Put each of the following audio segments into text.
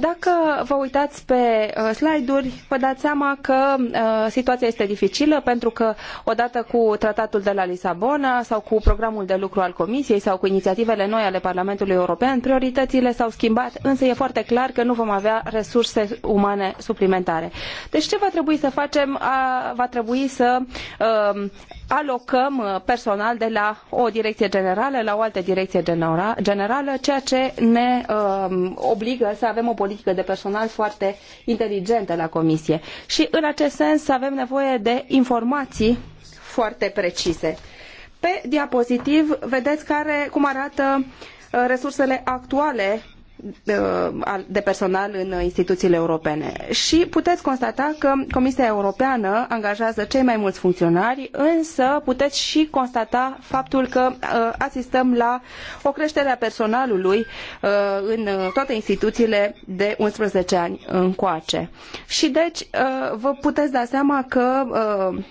Dacă vă uitați pe uh, slide-uri, vă dați seama că uh, situația este dificilă pentru că odată cu tratatul de la Lisabona sau cu programul de lucru al Comisiei sau cu inițiativele noi ale Parlamentului European, prioritățile s-au schimbat, însă e foarte clar că nu vom avea resurse umane suplimentare. Deci ce va trebui să facem? va trebui să um, alocăm personal de la o direcție generală la o altă direcție generală, ceea ce ne um, obligă să avem o politică de personal foarte inteligentă la Comisie. Și în acest sens avem nevoie de informații foarte precise. Pe diapozitiv vedeți care, cum arată uh, resursele actuale Uh, de personal în instituțiile europene. Și puteți constata că Comisia Europeană angajează cei mai mulți funcționari, însă puteți și constata faptul că uh, asistăm la o creștere a personalului uh, în toate instituțiile de 11 ani încoace. Și deci vă puteți da seama că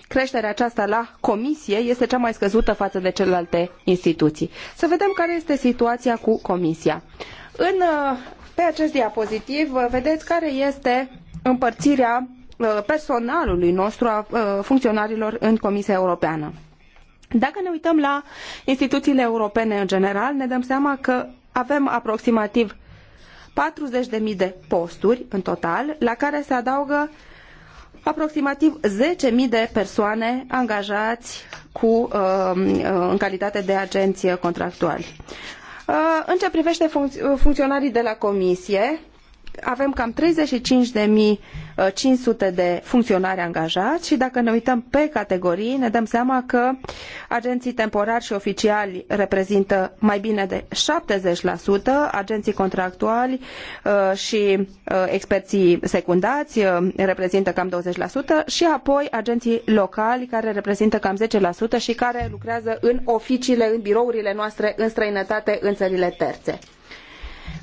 creșterea aceasta la Comisie este cea mai scăzută față de celelalte instituții. Să vedem care este situația cu Comisia. În, uh, pe acest diapozitiv uh, vedeți care este împărțirea uh, personalului nostru a funcționarilor în Comisia Europeană. Dacă ne uităm la instituțiile europene în general, ne dăm seama că avem aproximativ 40.000 de posturi în total, la care se adaugă aproximativ 10.000 de persoane angajați cu, în calitate de agenți contractuali. Uh, în ce privește funcționarii de la comisie, avem cam 35.000 500 uh, de funcționari angajați și dacă ne uităm pe categorii, ne dăm seama că agenții temporari și oficiali reprezintă mai bine de 70%, agenții contractuali uh, și uh, experții secundați reprezintă cam 20% și apoi agenții locali care reprezintă cam 10% și care lucrează în oficiile, în birourile noastre în străinătate, în țările terțe.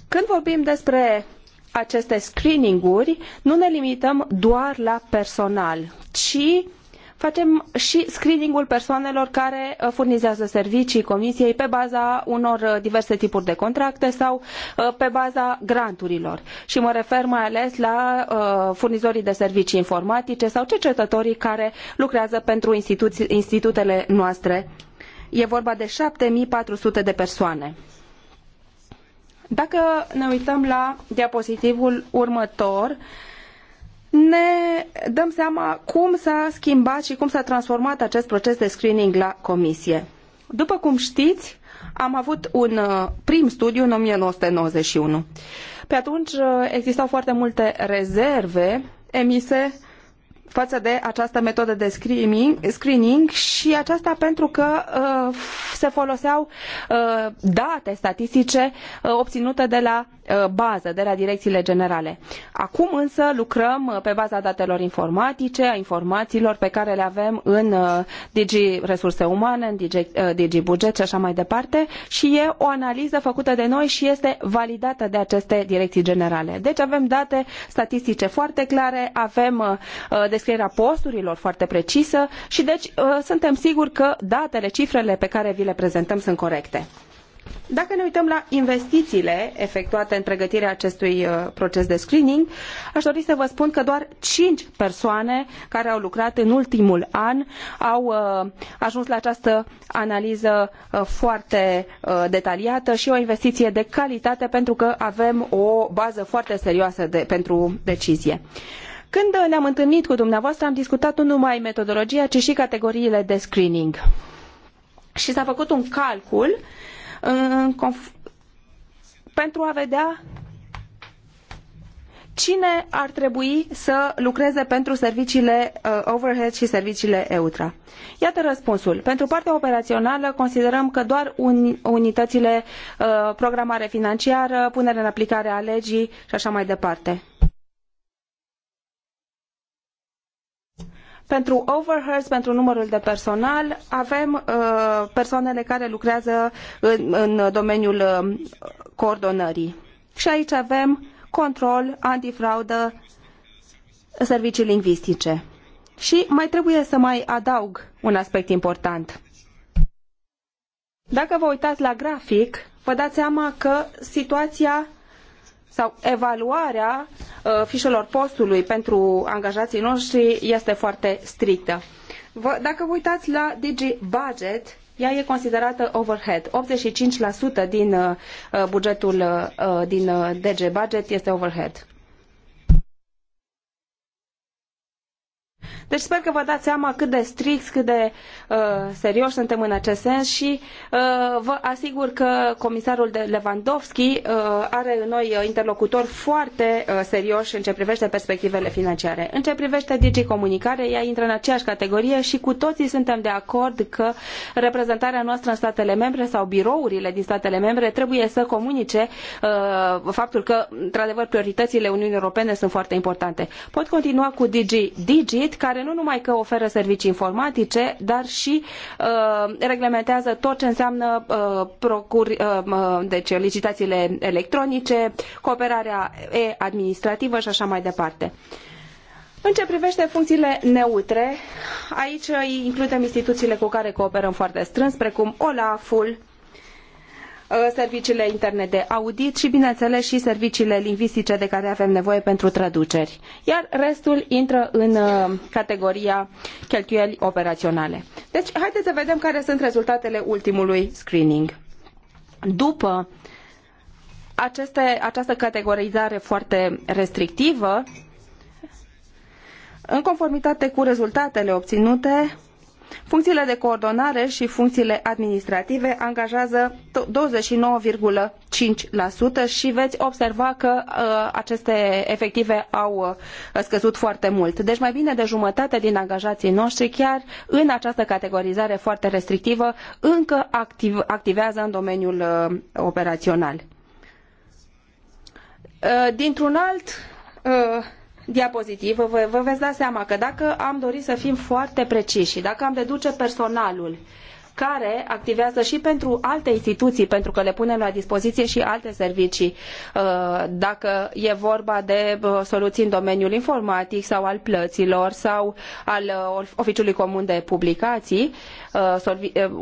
Când vorbim despre aceste screeninguri nu ne limităm doar la personal, ci facem și screeningul persoanelor care uh, furnizează servicii comisiei pe baza unor uh, diverse tipuri de contracte sau uh, pe baza granturilor. Și mă refer mai ales la furnizorii de servicii informatice sau cercetătorii care lucrează pentru institutele noastre. E vorba de 7400 de persoane. Dacă ne uităm la diapozitivul următor, ne dăm seama cum s-a schimbat și cum s-a transformat acest proces de screening la comisie. După cum știți, am avut un uh, prim studiu în 1991. Pe atunci uh, existau foarte multe rezerve emise față de această metodă de screening și aceasta pentru că uh, se foloseau uh, date statistice uh, obținute de la bază, de la direcțiile generale. Acum însă lucrăm pe baza datelor informatice, a informațiilor pe care le avem în Digi Resurse Umane, în Digi, Digi Buget și așa mai departe și e o analiză făcută de noi și este validată de aceste direcții generale. Deci avem date statistice foarte clare, avem de descrierea posturilor foarte precisă și deci uh, suntem siguri că datele, cifrele pe care vi le prezentăm sunt corecte. Dacă ne uităm la investițiile efectuate în pregătirea acestui uh, proces de screening, aș dori să vă spun că doar cinci persoane care au lucrat în ultimul an au uh, ajuns la această analiză foarte detaliată și o investiție de calitate pentru că avem o bază foarte serioasă de, pentru decizie. Când ne-am întâlnit cu dumneavoastră, am discutat nu numai metodologia, ci și categoriile de screening. Și s-a făcut un calcul pentru a vedea cine ar trebui să lucreze pentru serviciile uh, overhead și serviciile EUTRA. Iată răspunsul. Pentru partea operațională considerăm că doar unitățile uh, programare financiară, punere în aplicare a legii și așa mai departe. Pentru overheads, pentru numărul de personal, avem uh, persoanele care lucrează în, în domeniul uh, coordonării. Și aici avem control, antifraudă, servicii lingvistice. Și mai trebuie să mai adaug un aspect important. Dacă vă uitați la grafic, vă dați seama că situația sau evaluarea uh, fișelor postului pentru angajații noștri este foarte strictă. dacă vă uitați la Digi Budget, ea e considerată overhead. 85% din uh, bugetul uh, din DG Budget este overhead. Deci sper că vă dați seama cât de strict, cât de uh, serios suntem în acest sens și uh, vă asigur că comisarul de Lewandowski uh, are în noi uh, interlocutori foarte uh, serioși în ce privește perspectivele financiare. În ce privește Digi Comunicare, ea intră în aceeași categorie și cu toții suntem de acord că reprezentarea noastră în statele membre sau birourile din statele membre trebuie să comunice uh, faptul că, într-adevăr, prioritățile Uniunii Europene sunt foarte importante. Pot continua cu Digi Digit, Unit, care nu numai că oferă servicii informatice, dar și uh, reglementează tot ce înseamnă uh, procuri, uh, uh deci licitațiile electronice, cooperarea e-administrativă și așa mai departe. În ce privește funcțiile neutre, aici includem instituțiile cu care cooperăm foarte strâns, precum OLAF-ul, Uh, serviciile internet de audit și, bineînțeles, și serviciile lingvistice de care avem nevoie pentru traduceri. Iar restul intră în uh, categoria cheltuieli operaționale. Deci, haideți să vedem care sunt rezultatele ultimului screening. După aceste, această categorizare foarte restrictivă, în conformitate cu rezultatele obținute, Funcțiile de coordonare și funcțiile administrative angajează 29,5% și veți observa că uh, aceste efective au uh, scăzut foarte mult. Deci mai bine de jumătate din angajații noștri chiar în această categorizare foarte restrictivă încă activează în domeniul uh, operațional. Dintr-un alt diapozitivă, vă, vă veți da seama că dacă am dori să fim foarte preciși și dacă am deduce personalul uh, care activează și pentru alte instituții, pentru că le punem la dispoziție și alte servicii, uh, dacă e vorba de uh, soluții în domeniul informatic sau al plăților sau al uh, Oficiului Comun de Publicații.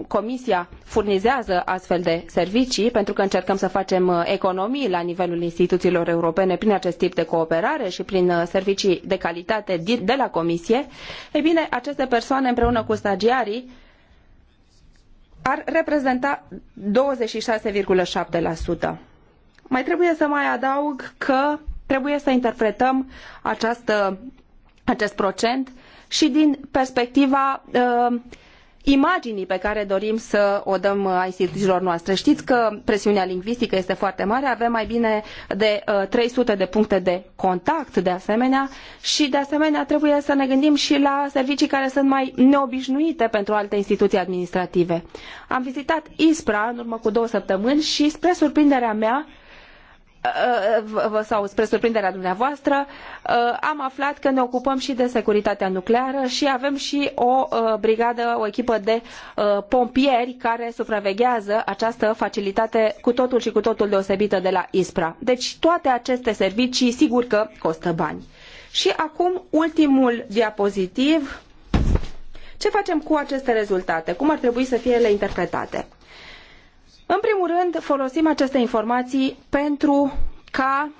Comisia furnizează astfel de servicii pentru că încercăm să facem economii la nivelul instituțiilor europene prin acest tip de cooperare și prin servicii de calitate de la Comisie. Ei bine, aceste persoane împreună cu stagiarii ar reprezenta 26,7%. Mai trebuie să mai adaug că trebuie să interpretăm această, acest procent și din perspectiva uh, imaginii pe care dorim să o dăm a instituțiilor noastre. Știți că presiunea lingvistică este foarte mare, avem mai bine de 300 uh, de puncte de contact de asemenea și de asemenea trebuie să ne gândim și la servicii care sunt mai neobișnuite pentru alte instituții administrative. Am vizitat ISPRA în urmă cu două săptămâni și spre surprinderea mea Uh, uh, sau spre surprinderea dumneavoastră, uh, am aflat că ne ocupăm și de securitatea nucleară și avem și o brigadă, o echipă de pompieri care supraveghează această facilitate cu totul și cu totul deosebită de la ISPRA. Deci toate aceste servicii sigur că costă bani. Și acum ultimul diapozitiv. Ce facem cu aceste rezultate? Cum ar trebui să fie ele interpretate? În primul rând, folosim aceste informații pentru ca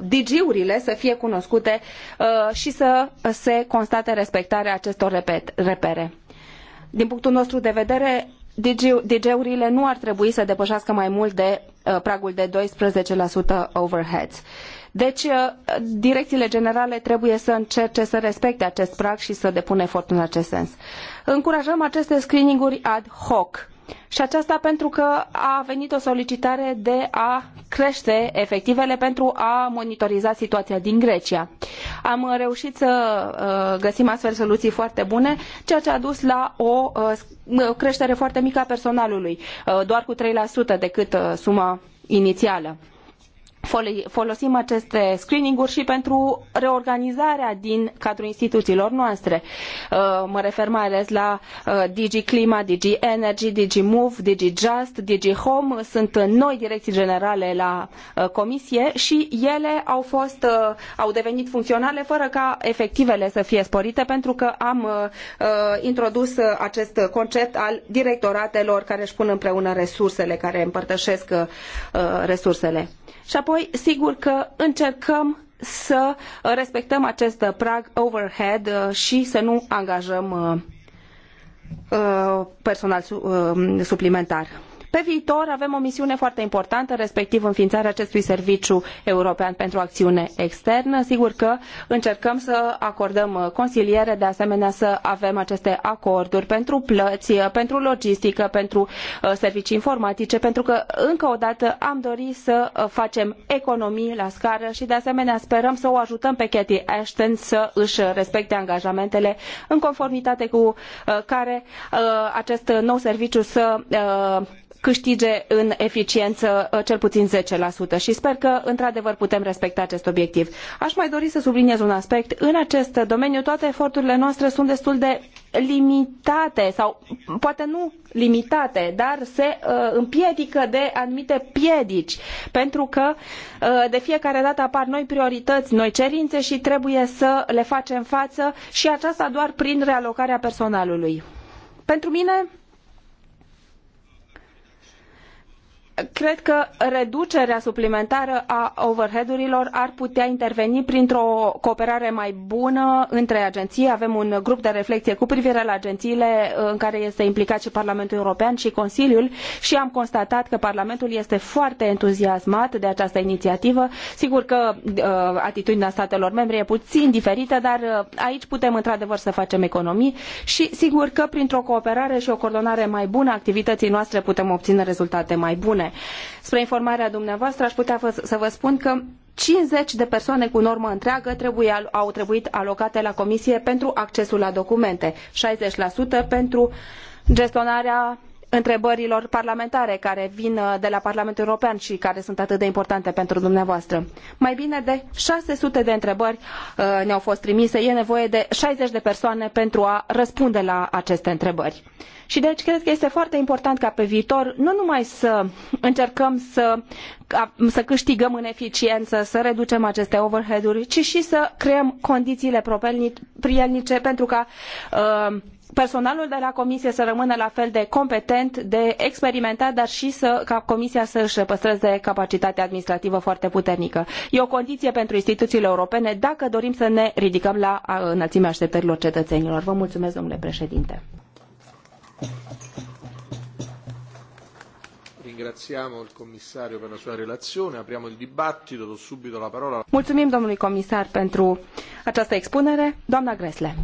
digiurile uh, uh, DG-urile să fie cunoscute uh, și să se constate respectarea acestor repere. Din punctul nostru de vedere, DG-urile nu ar trebui să depășească mai mult de pragul de 12% overheads. Deci, uh, direcțiile generale trebuie să încerce să respecte acest prag și să depună efort în acest sens. Încurajăm aceste screeninguri ad hoc. Și aceasta pentru că a venit o solicitare de a crește efectivele pentru a monitoriza situația din Grecia. Am reușit să uh, găsim astfel soluții foarte bune, ceea ce a dus la o uh, creștere foarte mică a personalului, doar cu 3% decât suma inițială folosim aceste screening-uri și pentru reorganizarea din cadrul instituțiilor noastre. Uh, mă refer mai ales la uh, Digi Clima, Digi Energy, Digi Move, Digi Just, Digi Home. Sunt noi direcții generale la uh, comisie și ele au fost, au devenit funcționale fără ca efectivele să fie sporite pentru că am introdus acest concept al directoratelor care își pun împreună resursele, care împărtășesc resursele. Și apoi, sigur că încercăm să respectăm acest prag overhead uh, și să nu angajăm uh, uh, personal suplimentar. Pe viitor avem o misiune foarte importantă, respectiv înființarea acestui serviciu european pentru acțiune externă. Sigur că încercăm să acordăm uh, consiliere, de asemenea să avem aceste acorduri pentru plăți, uh, pentru logistică, pentru uh, servicii informatice, pentru că încă o dată am dorit să facem economii la scară și de asemenea sperăm să o ajutăm pe Cathy Ashton să își respecte angajamentele în conformitate cu care acest nou serviciu să câtige în eficiență uh, cel puțin zece și sper că într-adevăr putem respecta acest obiectiv. Aș mai dori să subliniez un aspect. În acest domeniu toate eforturile noastre sunt destul de limitate sau poate nu limitate, dar se uh, împiedică de anumite piedici pentru că uh, de fiecare dată apar noi priorități, noi cerințe și trebuie să le facem față și aceasta doar prin realocarea personalului. Pentru mine, cred că reducerea suplimentară a overhead-urilor ar putea interveni printr-o cooperare mai bună între agenții. Avem un grup de reflexie cu privire la agențiile uh, în care este implicat și Parlamentul European și Consiliul și am constatat că Parlamentul este foarte entuziasmat de această inițiativă. Sigur că uh, atitudinea statelor membre e puțin diferită, dar uh, aici putem într-adevăr să facem economii și sigur că printr-o cooperare și o coordonare mai bună a activității noastre putem obține rezultate mai bune persoane. Spre informarea dumneavoastră aș putea să vă spun că 50 de persoane cu normă întreagă trebuie, au trebuit alocate la comisie pentru accesul la documente, 60% pentru gestionarea întrebărilor parlamentare care vin uh, de la Parlamentul European și care sunt atât de importante pentru dumneavoastră. Mai bine de 600 de întrebări uh, ne-au fost trimise. E nevoie de 60 de persoane pentru a răspunde la aceste întrebări. Și deci cred că este foarte important ca pe viitor nu numai să încercăm să, să câștigăm în eficiență, să reducem aceste overhead-uri, ci și să creăm condițiile prielnice pentru ca uh, personalul de la comisie să rămână la fel de competent, de experimentat, dar și să, ca comisia să își păstreze capacitatea administrativă foarte puternică. E o condiție pentru instituțiile europene dacă dorim să ne ridicăm la înălțimea așteptărilor cetățenilor. Vă mulțumesc, domnule președinte ringraziamo il commissario per la sua relazione. Apriamo il dibattito, do subito la parola. Mulțumim domnului comisar pentru această expunere. Doamna Gresle.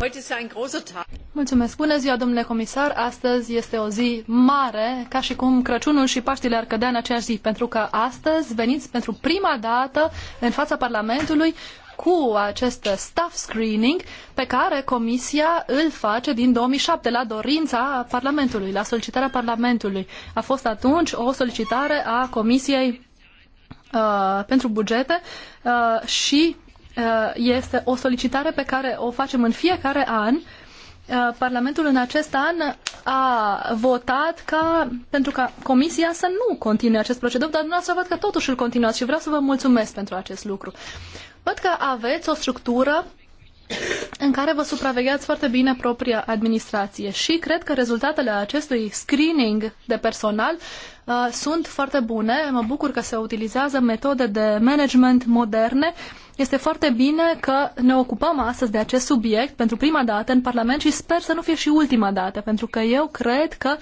Mulțumesc. Bună ziua, domnule comisar. Astăzi este o zi mare, ca și cum Crăciunul și Paștile ar cădea în aceeași zi, pentru că astăzi veniți pentru prima dată în fața Parlamentului cu acest staff screening pe care Comisia îl face din 2007 la dorința Parlamentului, la solicitarea Parlamentului. A fost atunci o solicitare a Comisiei uh, pentru bugete uh, și uh, este o solicitare pe care o facem în fiecare an uh, Parlamentul în acest an a votat ca, pentru ca Comisia să nu continue acest procedeu, dar dumneavoastră văd că totuși îl continuați și vreau să vă mulțumesc pentru acest lucru. Văd că aveți o structură în care vă supravegheați foarte bine propria administrație și cred că rezultatele acestui screening de personal uh, sunt foarte bune. Mă bucur că se utilizează metode de management moderne. Este foarte bine că ne ocupăm astăzi de acest subiect pentru prima dată în Parlament și sper să nu fie și ultima dată, pentru că eu cred că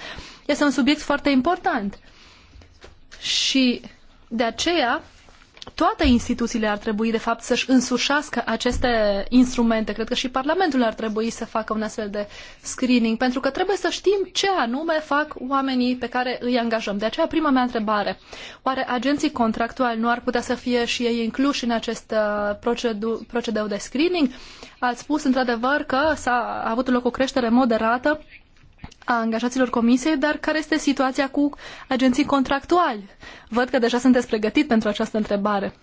este un subiect foarte important. Și de aceea toate instituțiile ar trebui, de fapt, să-și însușească aceste instrumente. Cred că și Parlamentul ar trebui să facă un astfel de screening, pentru că trebuie să știm ce anume fac oamenii pe care îi angajăm. De aceea, prima mea întrebare. Oare agenții contractuali nu ar putea să fie și ei incluși în acest uh, procedu- procedeu de screening? Ați spus, într-adevăr, că s-a avut loc o creștere moderată a angajaților comisiei, dar care este situația cu agenții contractuali? Văd că deja sunteți pregătit pentru această întrebare.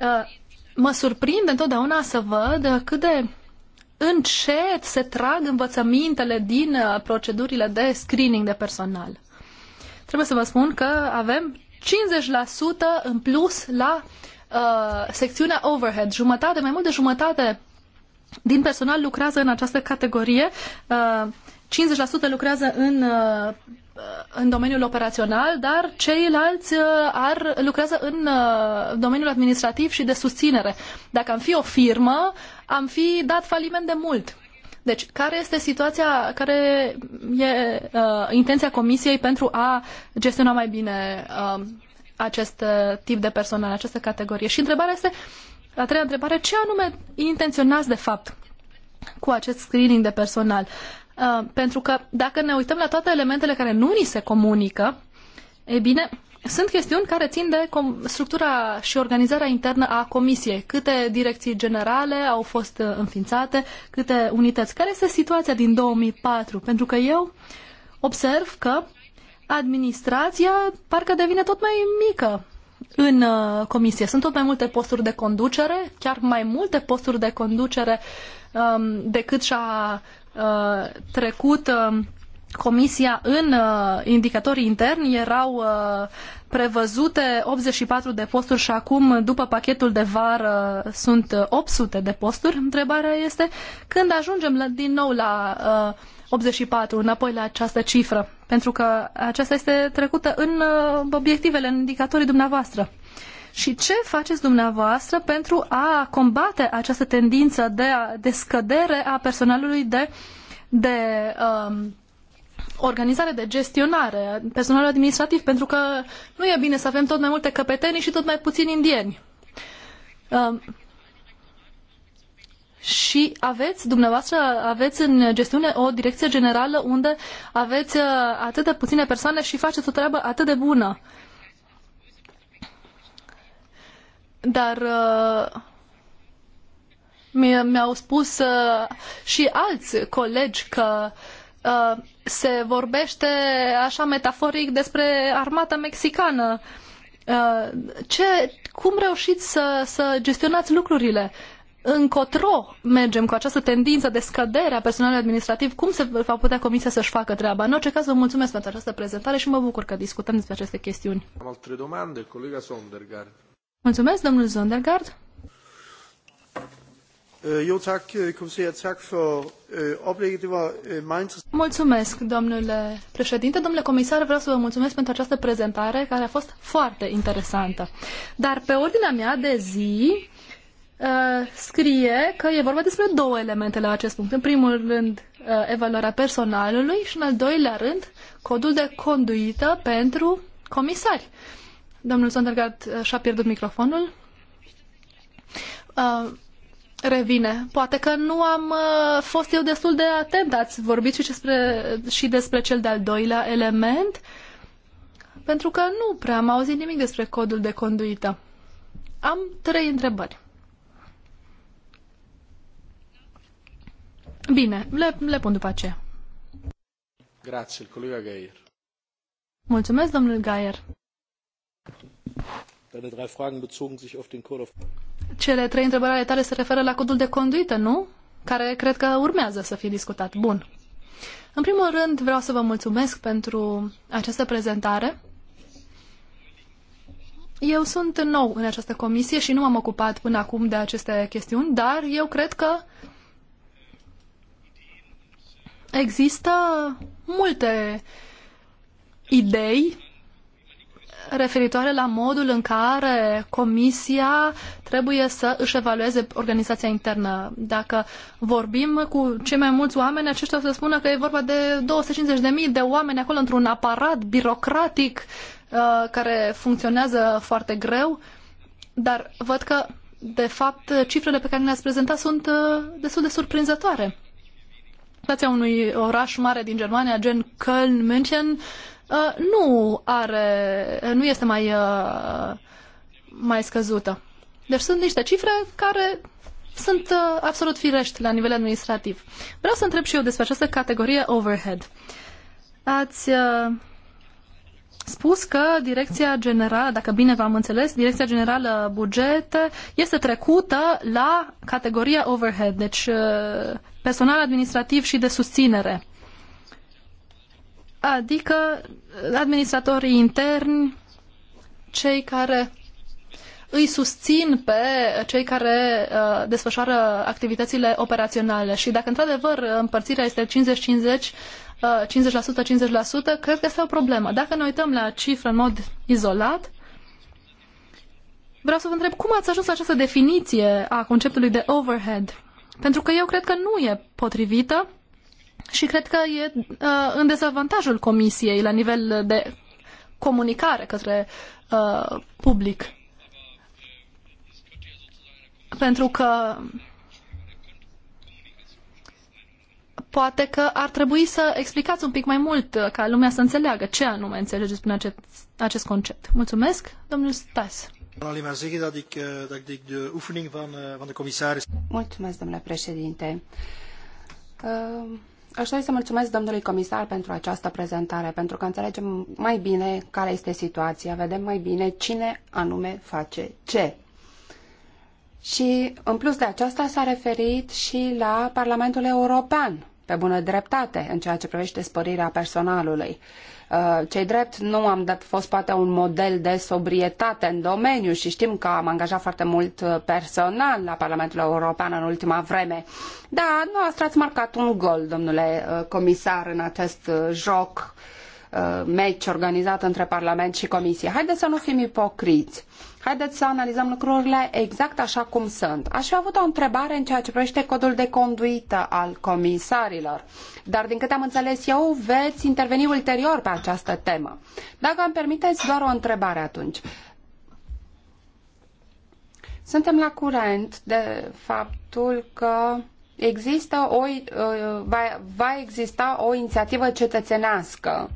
Uh, mă surprinde întotdeauna să văd cât de încet se trag învățămintele din uh, procedurile de screening de personal. Trebuie să vă spun că avem 50% în plus la uh, secțiunea overhead, jumătate, mai mult de jumătate din personal lucrează în această categorie. Uh, 50% lucrează în, uh, în domeniul operațional, dar ceilalți uh, ar, lucrează în uh, domeniul administrativ și de susținere. Dacă am fi o firmă, am fi dat faliment de mult. Deci, care este situația, care e uh, intenția Comisiei pentru a gestiona mai bine uh, acest tip de personal, această categorie? Și întrebarea este, a treia întrebare, ce anume intenționați de fapt cu acest screening de personal? Uh, pentru că dacă ne uităm la toate elementele care nu ni se comunică, e bine, sunt chestiuni care țin de structura și organizarea internă a comisiei. Câte direcții generale au fost uh, înființate, câte unități. Care este situația din 2004? Pentru că eu observ că administrația parcă devine tot mai mică în uh, comisie. Sunt tot mai multe posturi de conducere, chiar mai multe posturi de conducere um, decât și-a Uh, trecut uh, Comisia în uh, indicatorii interni erau prevăzute 84 de posturi și acum, după pachetul de vară, sunt 800 de posturi. Întrebarea este când ajungem din nou la 84, înapoi la această cifră, pentru că aceasta este trecută în obiectivele, în indicatorii dumneavoastră. Și ce faceți dumneavoastră pentru a combate această tendință de, a, de scădere a personalului de, de um, organizare, de gestionare, personalul administrativ, pentru că nu e bine să avem tot mai multe căpetenii și tot mai puțini indieni. Um, și aveți, dumneavoastră, aveți în gestiune o direcție generală unde aveți uh, atât de puține persoane și faceți o treabă atât de bună. Uh, Dar uh, mi-au spus uh, și alți colegi că uh, se vorbește așa metaforic despre armata mexicană. Uh, ce, cum reușiți să, să gestionați lucrurile? încotro mergem cu această tendință de scădere a personalului administrativ, cum se va putea comisia să-și facă treaba? În orice caz, vă mulțumesc pentru această prezentare și mă bucur că discutăm despre aceste chestiuni. Am alte domande, colega Sondergaard. Mulțumesc, domnul Zondergaard. Øh, jo, tak, øh, Tak for øh, Det var meget Mulțumesc, domnule președinte. Domnule comisar, vreau să vă mulțumesc pentru această prezentare care a fost foarte interesantă. Dar pe ordinea mea de zi uh, scrie că e vorba despre două elemente la acest punct. În primul rând, uh, evaluarea personalului și, în al doilea rând, codul de conduită pentru comisari. Domnul Sondergaard uh, și-a pierdut microfonul. Uh, revine. Poate că nu am uh, fost eu destul de atent. Ați vorbit și despre, și despre cel de-al doilea element, pentru că nu prea am auzit nimic despre codul de conduită. Am trei întrebări. Bine, le, le pun după aceea. Grazie, colega Gaier. Mulțumesc, domnul Gaier. Cele trei întrebări ale tale se referă la codul de conduită, nu? Care cred că urmează să fie discutat. Bun. În primul rând, vreau să vă mulțumesc pentru această prezentare. Eu sunt nou în această comisie și nu m-am ocupat până acum de aceste chestiuni, dar eu cred că există multe idei referitoare la modul în care Comisia trebuie să își evalueze organizația internă. Dacă vorbim cu cei mai mulți oameni, aceștia o să spună că e vorba de 250.000 de oameni acolo într-un aparat birocratic uh, care funcționează foarte greu, dar văd că, de fapt, cifrele pe care le-ați prezentat sunt uh, destul de surprinzătoare. Stația unui oraș mare din Germania, gen Köln, München, Uh, nu are, nu este mai, uh, mai scăzută. Deci sunt niște cifre care sunt uh, absolut firești la nivel administrativ. Vreau să întreb și eu despre această categorie overhead. Ați spus că Direcția Generală, dacă bine v-am înțeles, Direcția Generală Bugete este trecută la categoria overhead, deci personal administrativ și de susținere adică administratorii interni, cei care îi susțin pe cei care uh, desfășoară activitățile operaționale. Și dacă într-adevăr împărțirea este 50-50, 50%-50%, uh, cred că este o problemă. Dacă ne uităm la cifră în mod izolat, vreau să vă întreb cum ați ajuns la această definiție a conceptului de overhead. Pentru că eu cred că nu e potrivită și cred că e uh, în dezavantajul Comisiei la nivel de comunicare către uh, public. Pentru că poate că ar trebui să explicați un pic mai mult uh, ca lumea să înțeleagă ce anume înțelegeți prin acest, acest concept. Mulțumesc, domnul Stas. Mulțumesc, domnule președinte. Uh... Aș dori să mulțumesc domnului comisar pentru această prezentare, pentru că înțelegem mai bine care este situația, vedem mai bine cine anume face ce. Și, în plus de aceasta, s-a referit și la Parlamentul European, pe bună dreptate, în ceea ce privește sporirea personalului. Uh, Uh, cei drept, nu am fost poate un model de sobrietate în domeniu și știm că am angajat foarte mult uh, personal la Parlamentul European în ultima vreme. Da, noastră ați marcat un gol, domnule uh, comisar, în acest joc uh, Uh, meci organizat între Parlament și Comisie. Haideți să nu fim ipocriți. Haideți să analizăm lucrurile exact așa cum sunt. Aș fi avut o întrebare în ceea ce privește codul de conduită al comisarilor, dar din câte am înțeles eu, veți interveni ulterior pe această temă. Dacă îmi permiteți doar o întrebare atunci. Suntem la curent de faptul că există o, uh, va, va exista o inițiativă cetățenească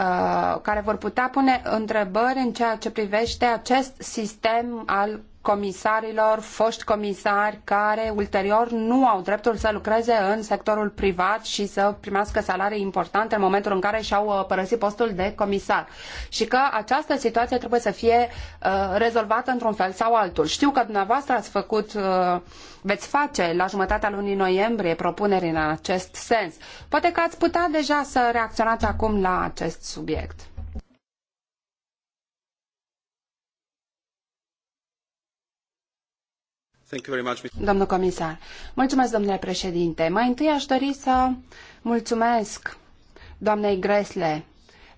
Uh, care vor putea pune întrebări în ceea ce privește acest sistem al comisarilor, foști comisari care ulterior nu au dreptul să lucreze în sectorul privat și să primească salarii importante în momentul în care și-au uh, părăsit postul de comisar. Și că această situație trebuie să fie uh, rezolvată într-un fel sau altul. Știu că dumneavoastră ați făcut, uh, veți face la jumătatea lunii noiembrie propuneri în acest sens. Poate că ați putea deja să reacționați acum la acest subiect. Domnul comisar, mulțumesc, domnule președinte. Mai întâi aș dori să mulțumesc doamnei Gresle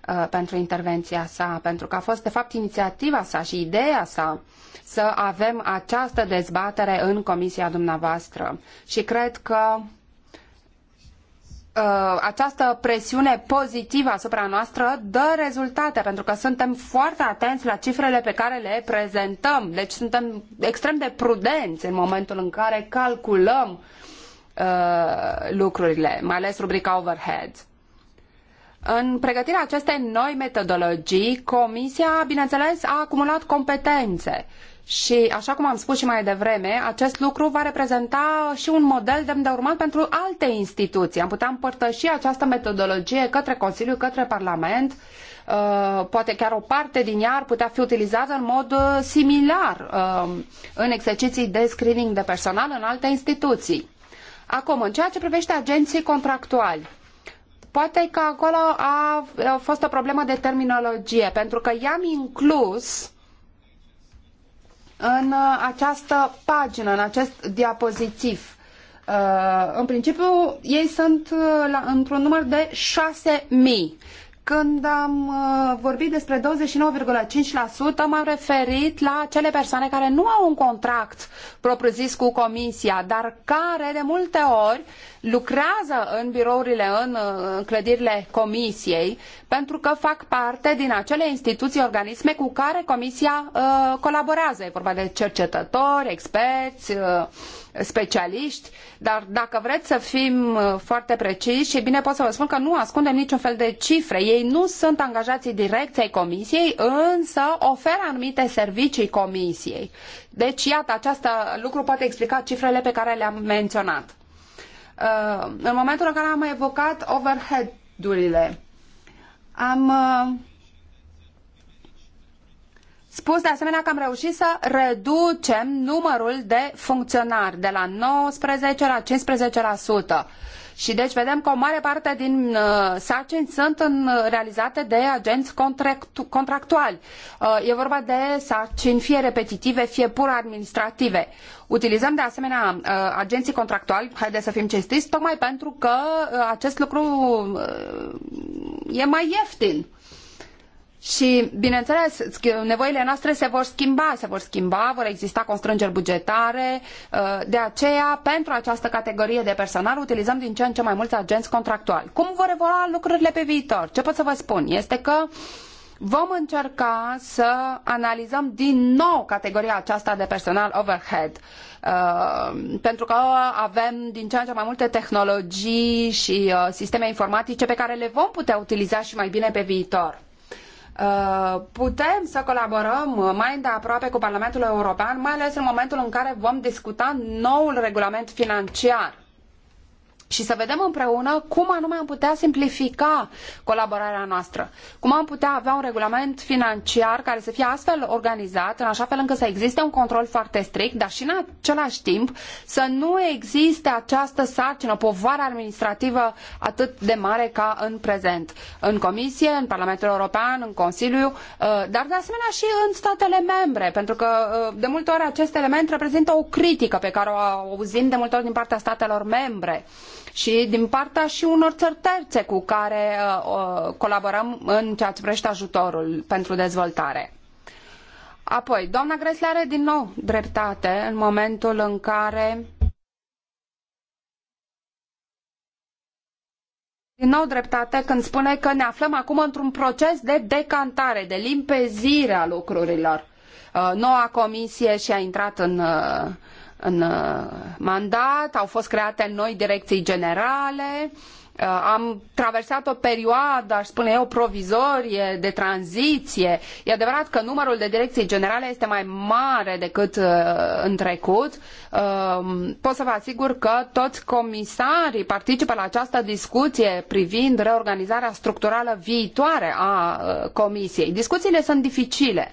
uh, pentru intervenția sa, pentru că a fost de fapt inițiativa sa și ideea sa să avem această dezbatere în comisia dumneavoastră. Și cred că Uh, această presiune pozitivă asupra noastră dă rezultate, pentru că suntem foarte atenți la cifrele pe care le prezentăm. Deci suntem extrem de prudenți în momentul în care calculăm uh, lucrurile, mai ales rubrica overhead. În pregătirea acestei noi metodologii, Comisia, bineînțeles, a acumulat competențe și, așa cum am spus și mai devreme, acest lucru va reprezenta și un model demn de urmat pentru alte instituții. Am putea împărtăși această metodologie către Consiliu, către Parlament. Uh, poate chiar o parte din ea ar putea fi utilizată în mod uh, similar uh, în exerciții de screening de personal în alte instituții. Acum, în ceea ce privește agenții contractuali, poate că acolo a fost o problemă de terminologie, pentru că i-am inclus în uh, această pagină, în acest diapozitiv. Uh, în principiu, ei sunt uh, într-un număr de 6.000. Când am vorbit despre 29,5%, m-am referit la cele persoane care nu au un contract propriu-zis cu comisia, dar care de multe ori lucrează în birourile, în, în clădirile comisiei, pentru că fac parte din acele instituții, organisme cu care comisia uh, colaborează. E vorba de cercetători, experți, uh, specialiști, dar dacă vreți să fim uh, foarte preciși, e bine pot să vă spun că nu ascundem niciun fel de cifre. Ei nu sunt angajații direct ai comisiei, însă oferă anumite servicii comisiei. Deci, iată, acest lucru poate explica cifrele pe care le-am menționat. Uh, în momentul în care am evocat overhead-urile, am uh, spus de asemenea că am reușit să reducem numărul de funcționari de la 19 la 15%. Și deci vedem că o mare parte din uh, sarcini sunt în, uh, realizate de agenți contractu- contractuali. Uh, e vorba de sarcini fie repetitive, fie pur administrative. Utilizăm de asemenea uh, agenții contractuali, haideți să fim cinstiți, tocmai pentru că uh, acest lucru uh, e mai ieftin. Și, bineînțeles, nevoile noastre se vor schimba, se vor schimba, vor exista constrângeri bugetare. Uh, de aceea, pentru această categorie de personal, utilizăm din ce în ce mai mulți agenți contractuali. Cum vor evolua lucrurile pe viitor? Ce pot să vă spun? Este că vom încerca să analizăm din nou categoria aceasta de personal overhead. Uh, pentru că avem din ce în ce mai multe tehnologii și uh, sisteme informatice pe care le vom putea utiliza și mai bine pe viitor. Uh, putem să colaborăm mai îndeaproape cu Parlamentul European, mai ales în momentul în care vom discuta noul regulament financiar și să vedem împreună cum anume am putea simplifica colaborarea noastră, cum am putea avea un regulament financiar care să fie astfel organizat, în așa fel încât să existe un control foarte strict, dar și în același timp să nu existe această sarcină, povară administrativă atât de mare ca în prezent, în Comisie, în Parlamentul European, în Consiliu, uh, dar de asemenea și în statele membre, pentru că uh, de multe ori acest element reprezintă o critică pe care o auzim de multe ori din partea statelor membre și din partea și unor țări terțe cu care uh, uh, colaborăm în ceea ce privește ajutorul pentru dezvoltare. Apoi, doamna Gresle are din nou dreptate în momentul în care din nou dreptate când spune că ne aflăm acum într-un proces de decantare, de limpezire a lucrurilor. Uh, noua comisie și-a intrat în în uh, mandat, au fost create noi direcții generale, uh, am traversat o perioadă, aș spune eu, provizorie de tranziție. E adevărat că numărul de direcții generale este mai mare decât uh, în trecut. Pot să vă asigur că toți comisarii participă la această discuție privind reorganizarea structurală viitoare a comisiei. Discuțiile sunt dificile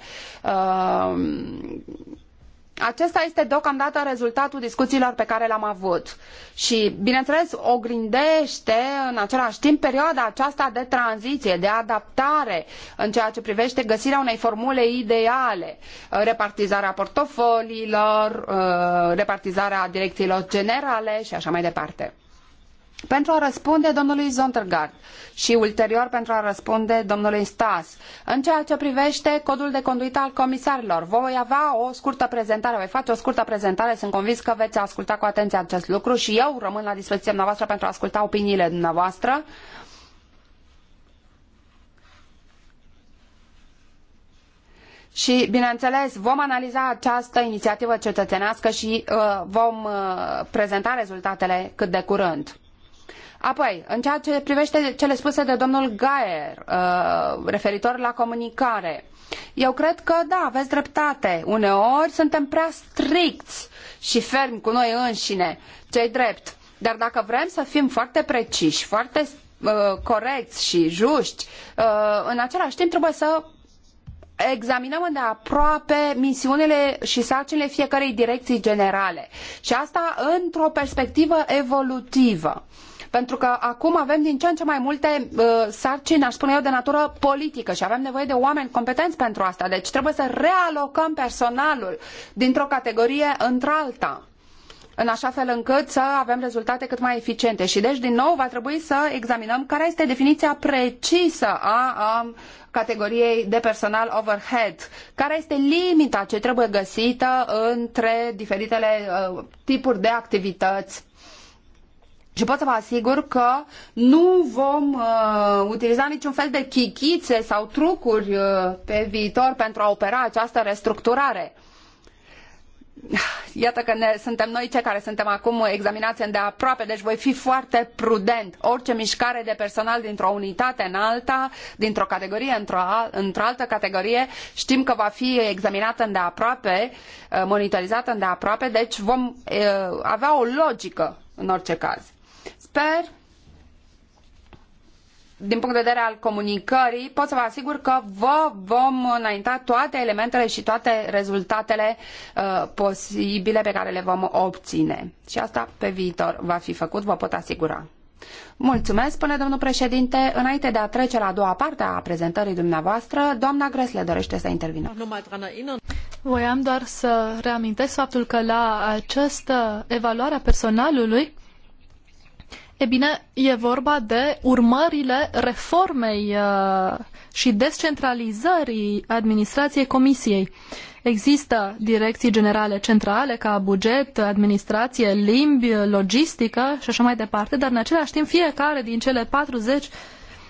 acesta este deocamdată rezultatul discuțiilor pe care le-am avut și, bineînțeles, oglindește în același timp perioada aceasta de tranziție, de adaptare în ceea ce privește găsirea unei formule ideale, uh, repartizarea portofoliilor, uh, repartizarea direcțiilor generale și așa mai departe pentru a răspunde domnului Zondergaard și ulterior pentru a răspunde domnului Stas. În ceea ce privește codul de conduită al comisarilor, voi avea o scurtă prezentare, voi face o scurtă prezentare, sunt convins că veți asculta cu atenție acest lucru și eu rămân la dispoziția dumneavoastră pentru a asculta opiniile dumneavoastră. Și, bineînțeles, vom analiza această inițiativă cetățenească și uh, vom uh, prezenta rezultatele cât de curând. Apoi, în ceea ce privește cele spuse de domnul Gaer, uh, referitor la comunicare, eu cred că da, aveți dreptate. Uneori suntem prea stricți și fermi cu noi înșine, cei drept. Dar dacă vrem să fim foarte preciși, foarte uh, corecți și juști, uh, în același timp trebuie să examinăm îndeaproape misiunile și sarcinile fiecărei direcții generale. Și asta într-o perspectivă evolutivă. Uh, pentru că acum avem din ce în ce mai multe uh, sarcini, aș spune eu, de natură politică și avem nevoie de oameni competenți pentru asta. Deci trebuie să realocăm personalul dintr-o categorie într-alta în așa fel încât să avem rezultate cât mai eficiente. Și deci, din nou, va trebui să examinăm care este definiția precisă a, a categoriei de personal overhead, care este limita ce trebuie găsită între diferitele uh, tipuri de activități și pot să vă asigur că nu vom uh, utiliza niciun fel de chichițe sau trucuri uh, pe viitor pentru a opera această restructurare. Iată că ne, suntem noi cei care suntem acum examinați îndeaproape, deci voi fi foarte prudent. Orice mișcare de personal dintr-o unitate în alta, dintr-o categorie într-o, într altă categorie, știm că va fi examinată îndeaproape, uh, monitorizată îndeaproape, deci vom uh, avea o logică în orice caz. Sper, din punct de vedere al comunicării, pot să vă asigur că vă vom înainta toate elementele și toate rezultatele uh, posibile pe care le vom obține. Și asta pe viitor va fi făcut, vă pot asigura. Mulțumesc, spune domnul președinte. Înainte de a trece la a doua parte a prezentării dumneavoastră, doamna Gresle dorește să intervină. Voiam doar să reamintesc faptul că la această evaluare a personalului E bine, e vorba de urmările reformei uh, și descentralizării administrației Comisiei. Există direcții generale centrale ca buget, administrație, limbi, logistică și așa mai departe, dar în același timp fiecare din cele 40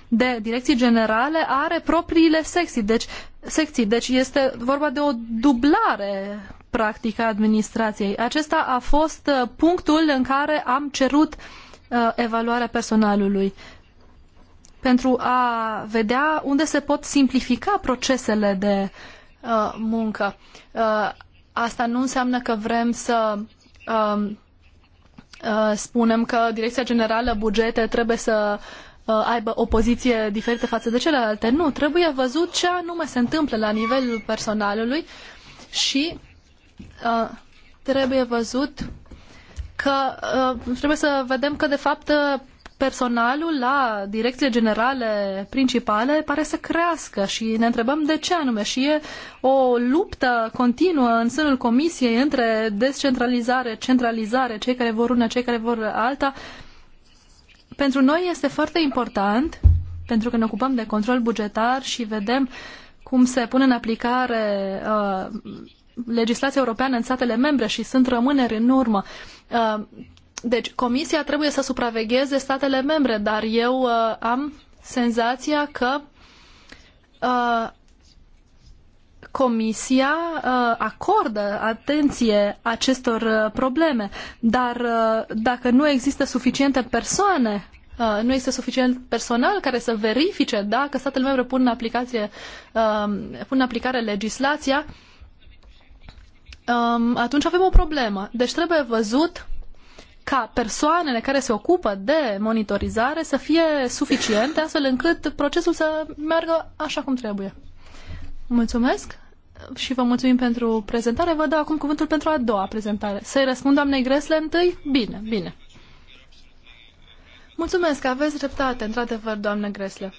de direcții generale are propriile secții. Deci, secții, deci este vorba de o dublare practică a administrației. Acesta a fost uh, punctul în care am cerut uh, Uh, evaluarea personalului pentru a vedea unde se pot simplifica procesele de uh, muncă. Uh, asta nu înseamnă că vrem să uh, uh, spunem că Direcția Generală Bugete trebuie să uh, aibă o poziție diferită față de celelalte. Nu, trebuie văzut ce anume se întâmplă la nivelul personalului și uh, trebuie văzut că uh, trebuie să vedem că, de fapt, uh, personalul la direcțiile generale principale pare să crească și ne întrebăm de ce anume. Și e o luptă continuă în sânul comisiei între descentralizare, centralizare, cei care vor una, cei care vor alta. Pentru noi este foarte important, pentru că ne ocupăm de control bugetar și vedem cum se pune în aplicare uh, legislația europeană în statele membre și sunt rămâneri în urmă. Uh, deci, Comisia trebuie să supravegheze statele membre, dar eu uh, am senzația că uh, Comisia acordă atenție acestor probleme, dar dacă nu există suficiente persoane nu este suficient personal care să verifice dacă statele membre pun în, aplicație, pun în aplicare legislația, Um, atunci avem o problemă. Deci trebuie văzut ca persoanele care se ocupă de monitorizare să fie suficiente astfel încât procesul să meargă așa cum trebuie. Mulțumesc și vă mulțumim pentru prezentare. Vă dau acum cuvântul pentru a doua prezentare. Să-i răspund doamnei Gresle întâi? Bine, bine. Mulțumesc, aveți dreptate, într-adevăr, doamnă Gresle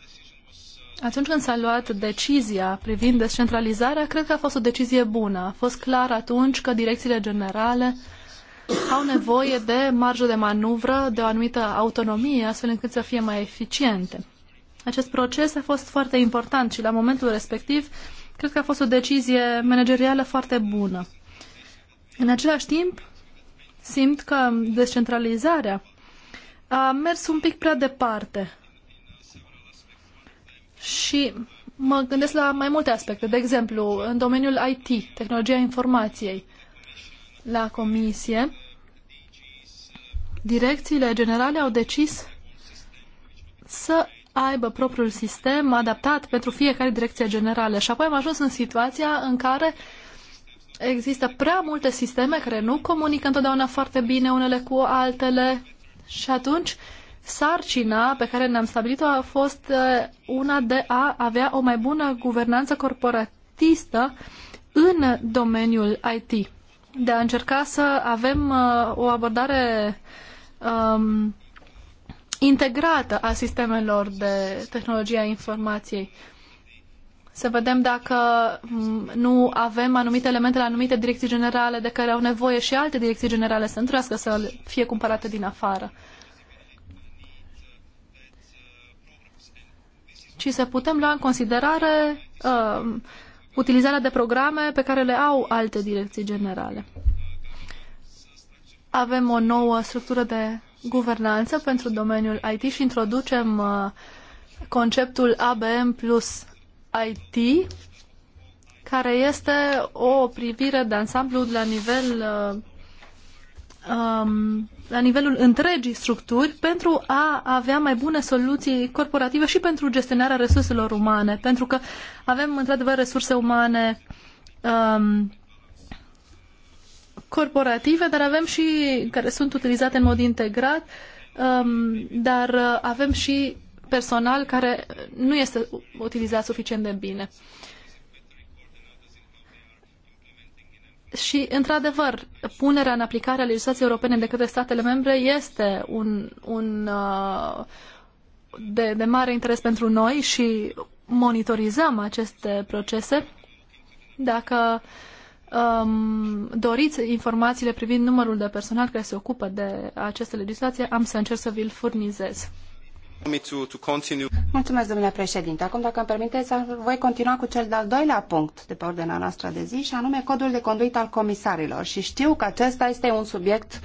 atunci când s-a luat decizia privind descentralizarea, cred că a fost o decizie bună. A fost clar atunci că direcțiile generale au nevoie de marjă de manuvră, de o anumită autonomie, astfel încât să fie mai eficiente. Acest proces a fost foarte important și la momentul respectiv cred că a fost o decizie managerială foarte bună. În același timp, simt că descentralizarea a mers un pic prea departe și mă gândesc la mai multe aspecte. De exemplu, în domeniul IT, tehnologia informației, la comisie, direcțiile generale au decis să aibă propriul sistem adaptat pentru fiecare direcție generală. Și apoi am ajuns în situația în care există prea multe sisteme care nu comunică întotdeauna foarte bine unele cu altele și atunci uh, sarcina pe care ne-am stabilit-o a fost uh, una de a avea o mai bună guvernanță corporatistă în domeniul IT, de a încerca să avem uh, o abordare um, integrată a sistemelor de tehnologia informației. Să vedem dacă mm, nu avem anumite elemente la anumite direcții generale de care au nevoie și alte direcții generale să întrească să fie cumpărate din afară. Uh, ci să putem lua în considerare uh, utilizarea de programe pe care le au alte direcții generale. Avem o nouă structură de guvernanță pentru domeniul IT și introducem uh, conceptul ABM plus IT, care este o privire de ansamblu la nivel uh, um, la nivelul întregii structuri pentru a avea mai bune soluții corporative și pentru gestionarea resurselor umane, pentru că avem într-adevăr resurse umane um, corporative, dar avem și care sunt utilizate în mod integrat, um, dar uh, avem și personal care nu este utilizat suficient de bine. Uh, Și, într-adevăr, punerea în aplicare a legislației europene de către statele membre este un, un uh, de, de mare interes pentru noi și monitorizăm aceste procese. Dacă um, doriți informațiile privind numărul de personal care se ocupă de această legislație, am să încerc să vi-l furnizez. Mulțumesc, domnule președinte. Acum, dacă îmi permiteți, voi continua cu cel de-al doilea punct de pe ordinea noastră de zi, și anume codul de conduită al comisarilor. Și știu că acesta este un subiect uh,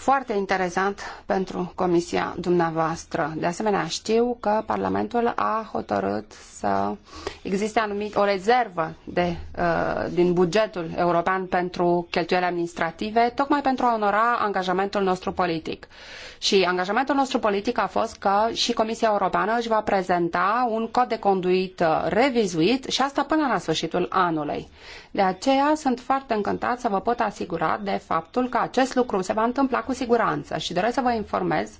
foarte interesant pentru comisia dumneavoastră. De asemenea, știu că Parlamentul a hotărât să existe anumit, o rezervă de, uh, din bugetul european pentru cheltuieli administrative, tocmai pentru a onora angajamentul nostru politic. Și angajamentul nostru politic a fost că și Comisia Europeană își va prezenta un cod de conduită revizuit și asta până la sfârșitul anului. De aceea sunt foarte încântat să vă pot asigura de faptul că acest lucru se va întâmpla cu siguranță și doresc să vă informez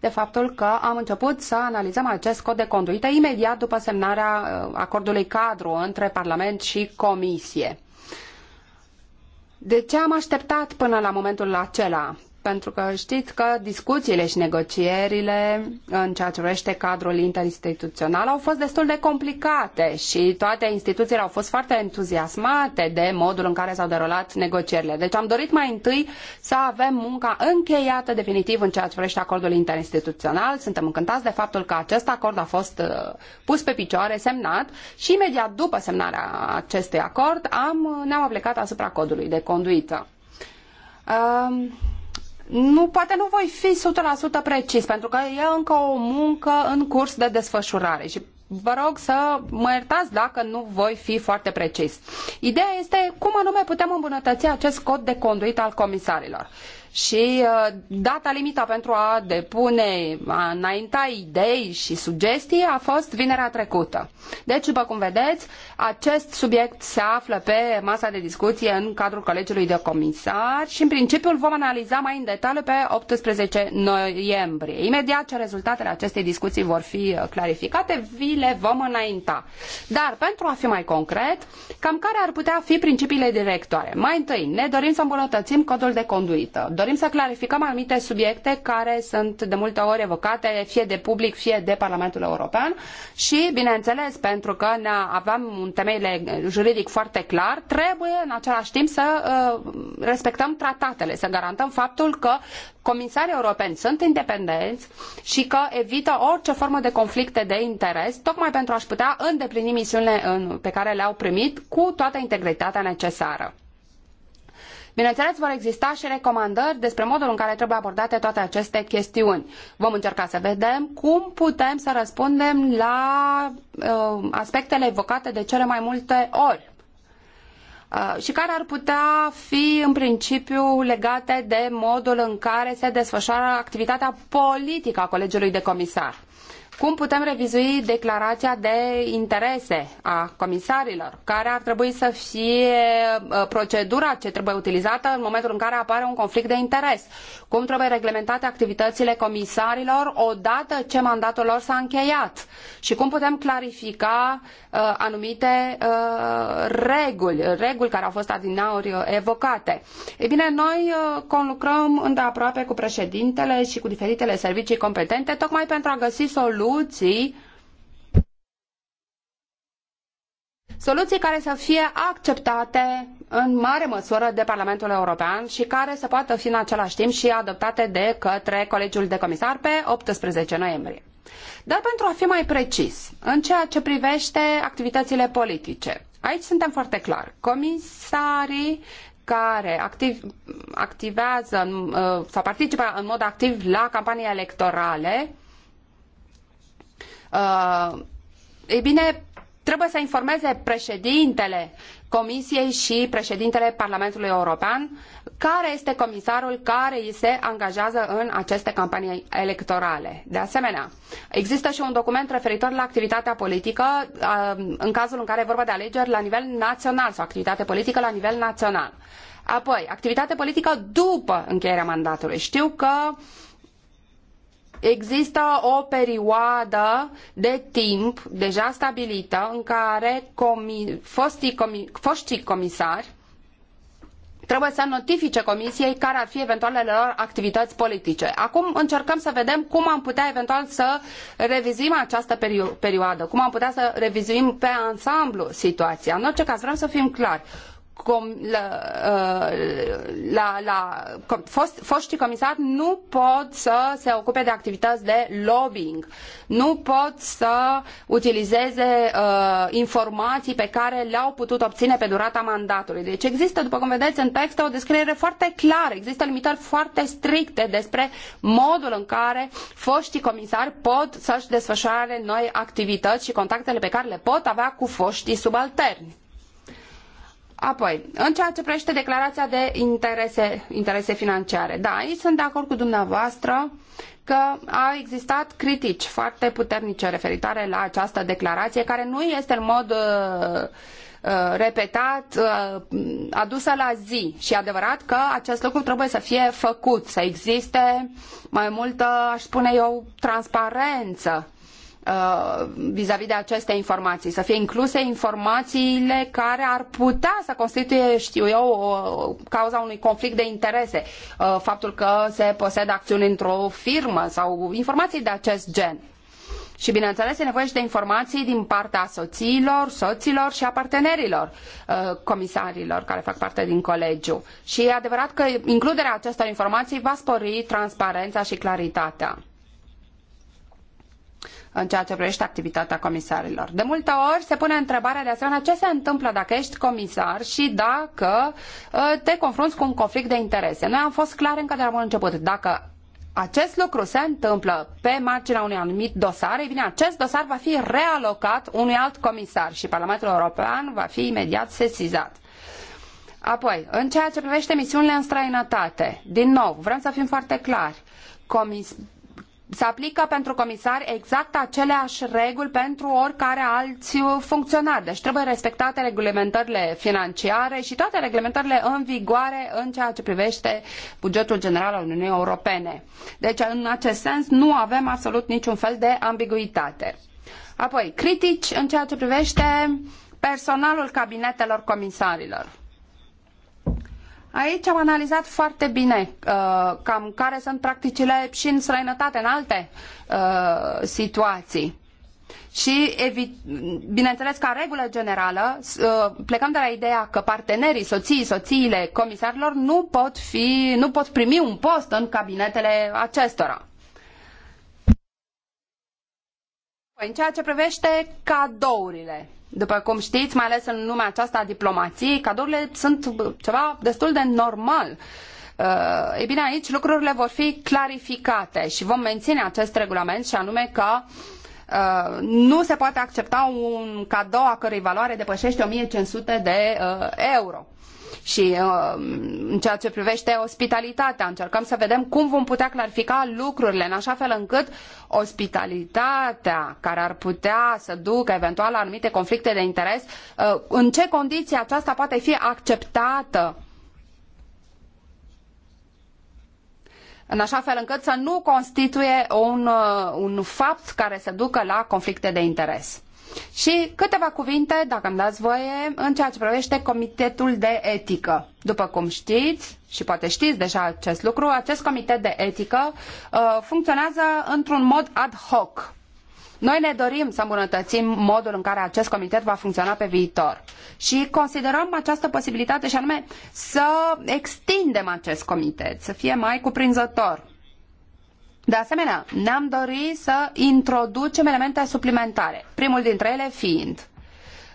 de faptul că am început să analizăm acest cod de conduită imediat după semnarea uh, acordului cadru între Parlament și Comisie. De ce am așteptat până la momentul acela? pentru că știți că discuțiile și negocierile în ceea ce privește cadrul interinstituțional au fost destul de complicate și toate instituțiile au fost foarte entuziasmate de modul în care s-au derulat negocierile. Deci am dorit mai întâi să avem munca încheiată definitiv în ceea ce privește acordul interinstituțional. Suntem încântați de faptul că acest acord a fost uh, pus pe picioare, semnat și imediat după semnarea acestui acord am, ne-am aplicat asupra codului de conduită. Um, nu, poate nu voi fi 100% precis, pentru că e încă o muncă în curs de desfășurare și vă rog să mă iertați dacă nu voi fi foarte precis. Ideea este cum anume putem îmbunătăți acest cod de conduită al comisarilor. Uh, și uh, data limită pentru a depune, a înainta idei și sugestii a fost vinerea trecută. Deci, după cum vedeți, acest subiect se află pe masa de discuție în cadrul Colegiului de Comisari și, în principiu, îl vom analiza mai în detaliu pe 18 noiembrie. Imediat ce rezultatele acestei discuții vor fi uh, clarificate, vi le vom înainta. Dar, pentru a fi mai concret, cam care ar putea fi principiile directoare? Mai întâi, ne dorim să îmbunătățim codul de conduită dorim să clarificăm anumite subiecte care sunt de multe ori evocate fie de public, fie de Parlamentul European și, bineînțeles, pentru că ne avem un temei juridic foarte clar, trebuie în același timp să uh, respectăm tratatele, să garantăm faptul că comisarii europeni sunt independenți și că evită orice formă de conflicte de interes, tocmai pentru a-și putea îndeplini misiunile pe care le-au primit cu toată integritatea necesară. Bineînțeles, vor exista și recomandări despre modul în care trebuie abordate toate aceste chestiuni. Vom încerca să vedem cum putem să răspundem la uh, aspectele evocate de cele mai multe ori uh, și care ar putea fi în principiu legate de modul în care se desfășoară activitatea politică a Colegiului de Comisar cum putem revizui declarația de interese a comisarilor, care ar trebui să fie uh, procedura ce trebuie utilizată în momentul în care apare un conflict de interes, cum trebuie reglementate activitățile comisarilor odată ce mandatul lor s-a încheiat și cum putem clarifica uh, anumite uh, reguli, reguli care au fost adineauri uh, evocate. Ei bine, noi uh, conlucrăm îndeaproape cu președintele și cu diferitele servicii competente tocmai pentru a găsi soluții soluții soluții care să fie acceptate în mare măsură de Parlamentul European și care să poată fi în același timp și adoptate de către Colegiul de Comisar pe 18 noiembrie. Dar pentru a fi mai precis, în ceea ce privește activitățile politice, aici suntem foarte clar: Comisarii care activ, activează uh, sau participă în mod activ la campanii electorale Uh, ei bine, trebuie să informeze președintele Comisiei și președintele Parlamentului European care este comisarul care îi se angajează în aceste campanii electorale. De asemenea, există și un document referitor la activitatea politică uh, în cazul în care e vorba de alegeri la nivel național sau activitate politică la nivel național. Apoi, activitate politică după încheierea mandatului. Știu că uh, Există o perioadă de timp deja stabilită în care comi, fostii, comi, foștii comisari trebuie să notifice comisiei care ar fi eventualele lor activități politice. Acum încercăm să vedem cum am putea eventual să revizuim această perio perioadă, cum am putea să revizuim pe ansamblu situația. În orice caz, vrem să fim clari com, la, uh, la, la fost, foștii comisari nu pot să se ocupe de activități de lobbying, nu pot să utilizeze uh, informații pe care le-au putut obține pe durata mandatului. Deci există, după cum vedeți în text, o descriere foarte clară, există limitări foarte stricte despre modul în care foștii comisari pot să-și desfășoare noi activități și contactele pe care le pot avea cu foștii subalterni. Apoi, în ceea ce privește declarația de interese, interese financiare, da, aici sunt de acord cu dumneavoastră că au existat critici foarte puternice referitoare la această declarație, care nu este în mod uh, uh, repetat, uh, adusă la zi. Și e adevărat că acest lucru trebuie să fie făcut, să existe mai multă, aș spune eu, transparență Uh, vis-a-vis -vis de aceste informații, să fie incluse informațiile care ar putea să constituie, știu eu, o, cauza unui conflict de interese, uh, faptul că se posedă acțiuni într-o firmă sau informații de acest gen. Și bineînțeles e nevoie și de informații din partea soțiilor, soților și a partenerilor uh, comisarilor care fac parte din colegiu. Și e adevărat că includerea acestor informații va spori transparența și claritatea în ceea ce privește activitatea comisarilor. De multe ori se pune întrebarea de asemenea ce se întâmplă dacă ești comisar și dacă ă, te confrunți cu un conflict de interese. Noi am fost clari încă de la bun început. Dacă acest lucru se întâmplă pe marginea unui anumit dosar, ei bine, acest dosar va fi realocat unui alt comisar și Parlamentul European va fi imediat sesizat. Apoi, în ceea ce privește misiunile în străinătate, din nou, vrem să fim foarte clari. Comis se aplică pentru comisari exact aceleași reguli pentru oricare alți funcționari. Deci trebuie respectate reglementările financiare și toate reglementările în vigoare în ceea ce privește bugetul general al Uniunii Europene. Deci în acest sens nu avem absolut niciun fel de ambiguitate. Apoi, critici în ceea ce privește personalul cabinetelor comisarilor Aici am analizat foarte bine uh, cam care sunt practicile și în străinătate, în alte uh, situații. Și, bineînțeles, ca regulă generală, uh, plecăm de la ideea că partenerii, soții, soțiile comisarilor nu pot, fi, nu pot primi un post în cabinetele acestora. În ceea ce privește cadourile, după cum știți, mai ales în lumea aceasta a diplomației, cadourile sunt ceva destul de normal. Uh, e bine, aici lucrurile vor fi clarificate și vom menține acest regulament și anume că uh, Uh, nu se poate accepta un cadou a cărei valoare depășește 1500 de uh, euro. Și uh, în ceea ce privește ospitalitatea, încercăm să vedem cum vom putea clarifica lucrurile în așa fel încât ospitalitatea care ar putea să ducă eventual la anumite conflicte de interes, uh, în ce condiții aceasta poate fi acceptată în așa fel încât să nu constituie un, uh, un fapt care să ducă la conflicte de interes. Și câteva cuvinte, dacă îmi dați voie, în ceea ce privește Comitetul de Etică. După cum știți, și poate știți deja acest lucru, acest comitet de etică uh, funcționează într-un mod ad hoc. Noi ne dorim să îmbunătățim modul în care acest comitet va funcționa pe viitor și considerăm această posibilitate și anume să extindem acest comitet, să fie mai cuprinzător. De asemenea, ne-am dorit să introducem elemente suplimentare, primul dintre ele fiind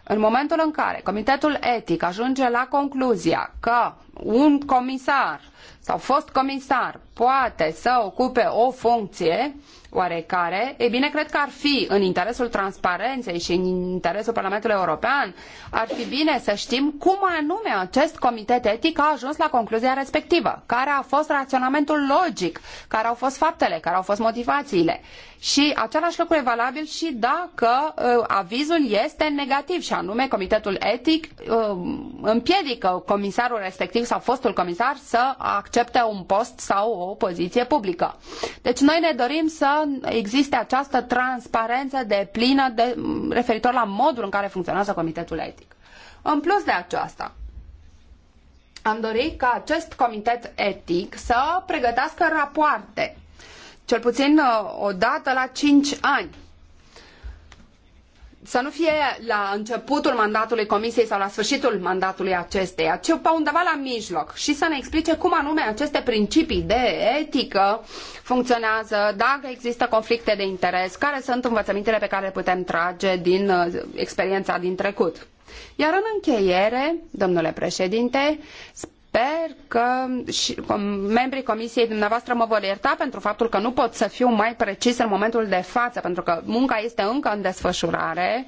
în momentul în care Comitetul Etic ajunge la concluzia că un comisar sau fost comisar poate să ocupe o funcție oarecare, e bine, cred că ar fi în interesul transparenței și în interesul Parlamentului European, ar fi bine să știm cum anume acest comitet etic a ajuns la concluzia respectivă, care a fost raționamentul logic, care au fost faptele, care au fost motivațiile. Și același lucru e valabil și dacă uh, avizul este negativ și anume comitetul etic uh, împiedică comisarul respectiv sau fostul comisar să acționeze accepte un post sau o poziție publică. Deci noi ne dorim să existe această transparență de plină de, referitor la modul în care funcționează Comitetul Etic. În plus de aceasta, am dorit ca acest comitet etic să pregătească rapoarte, cel puțin uh, o dată la cinci ani, să nu fie la începutul mandatului comisiei sau la sfârșitul mandatului acesteia, ci pe undeva la mijloc și să ne explice cum anume aceste principii de etică funcționează, dacă există conflicte de interes, care sunt învățămintele pe care le putem trage din uh, experiența din trecut. Iar în încheiere, domnule președinte, Sper că și, membrii comisiei dumneavoastră mă vor ierta pentru faptul că nu pot să fiu mai precis în momentul de față, pentru că munca este încă în desfășurare.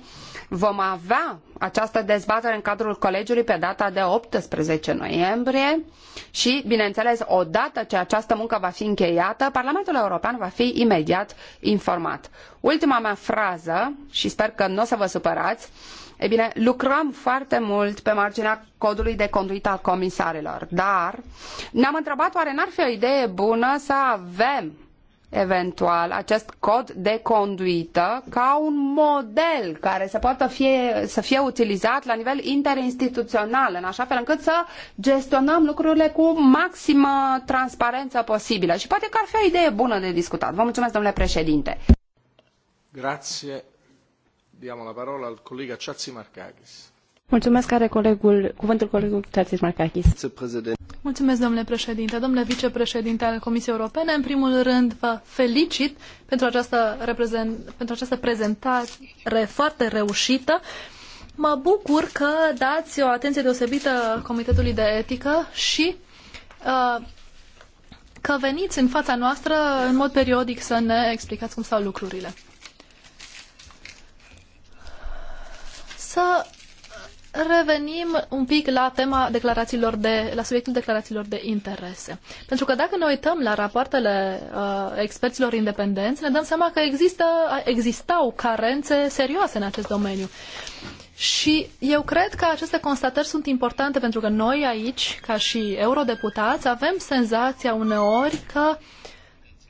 Vom avea această dezbatere în cadrul colegiului pe data de 18 noiembrie și, bineînțeles, odată ce această muncă va fi încheiată, Parlamentul European va fi imediat informat. Ultima mea frază, și sper că nu o să vă supărați, ei bine, lucrăm foarte mult pe marginea codului de conduită al comisarilor, dar ne-am întrebat oare n-ar fi o idee bună să avem eventual acest cod de conduită ca un model care să poată fie, să fie utilizat la nivel interinstituțional, în așa fel încât să gestionăm lucrurile cu maximă transparență posibilă. Și poate că ar fi o idee bună de discutat. Vă mulțumesc, domnule președinte. Grazie. Diamo la parola al collega Ciazimarcakis. Mulțumesc, are colegul, cuvântul colegul Țarțis Marcachis. Mulțumesc, domnule președinte. Domnule vicepreședinte al Comisiei Europene, în primul rând vă felicit pentru această, pentru această prezentare foarte reușită. Mă bucur că dați o atenție deosebită Comitetului de Etică și uh, că veniți în fața noastră în mod periodic să ne explicați cum stau lucrurile. Să revenim un pic la tema declarațiilor de, la subiectul declarațiilor de interese. Pentru că dacă ne uităm la rapoartele uh, experților independenți, ne dăm seama că există, existau carențe serioase în acest domeniu. Și eu cred că aceste constatări sunt importante pentru că noi aici, ca și eurodeputați, avem senzația uneori că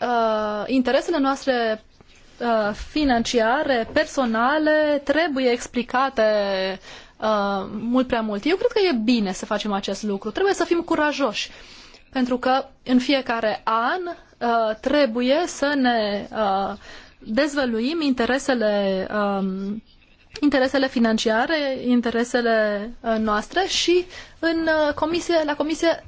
uh, interesele noastre Uh, financiare, personale, trebuie explicate uh, mult prea mult. Eu cred că e bine să facem acest lucru. Trebuie să fim curajoși. Pentru că în fiecare an uh, trebuie să ne uh, dezvăluim interesele, um, interesele financiare, interesele uh, noastre și în uh, comisie, la comisie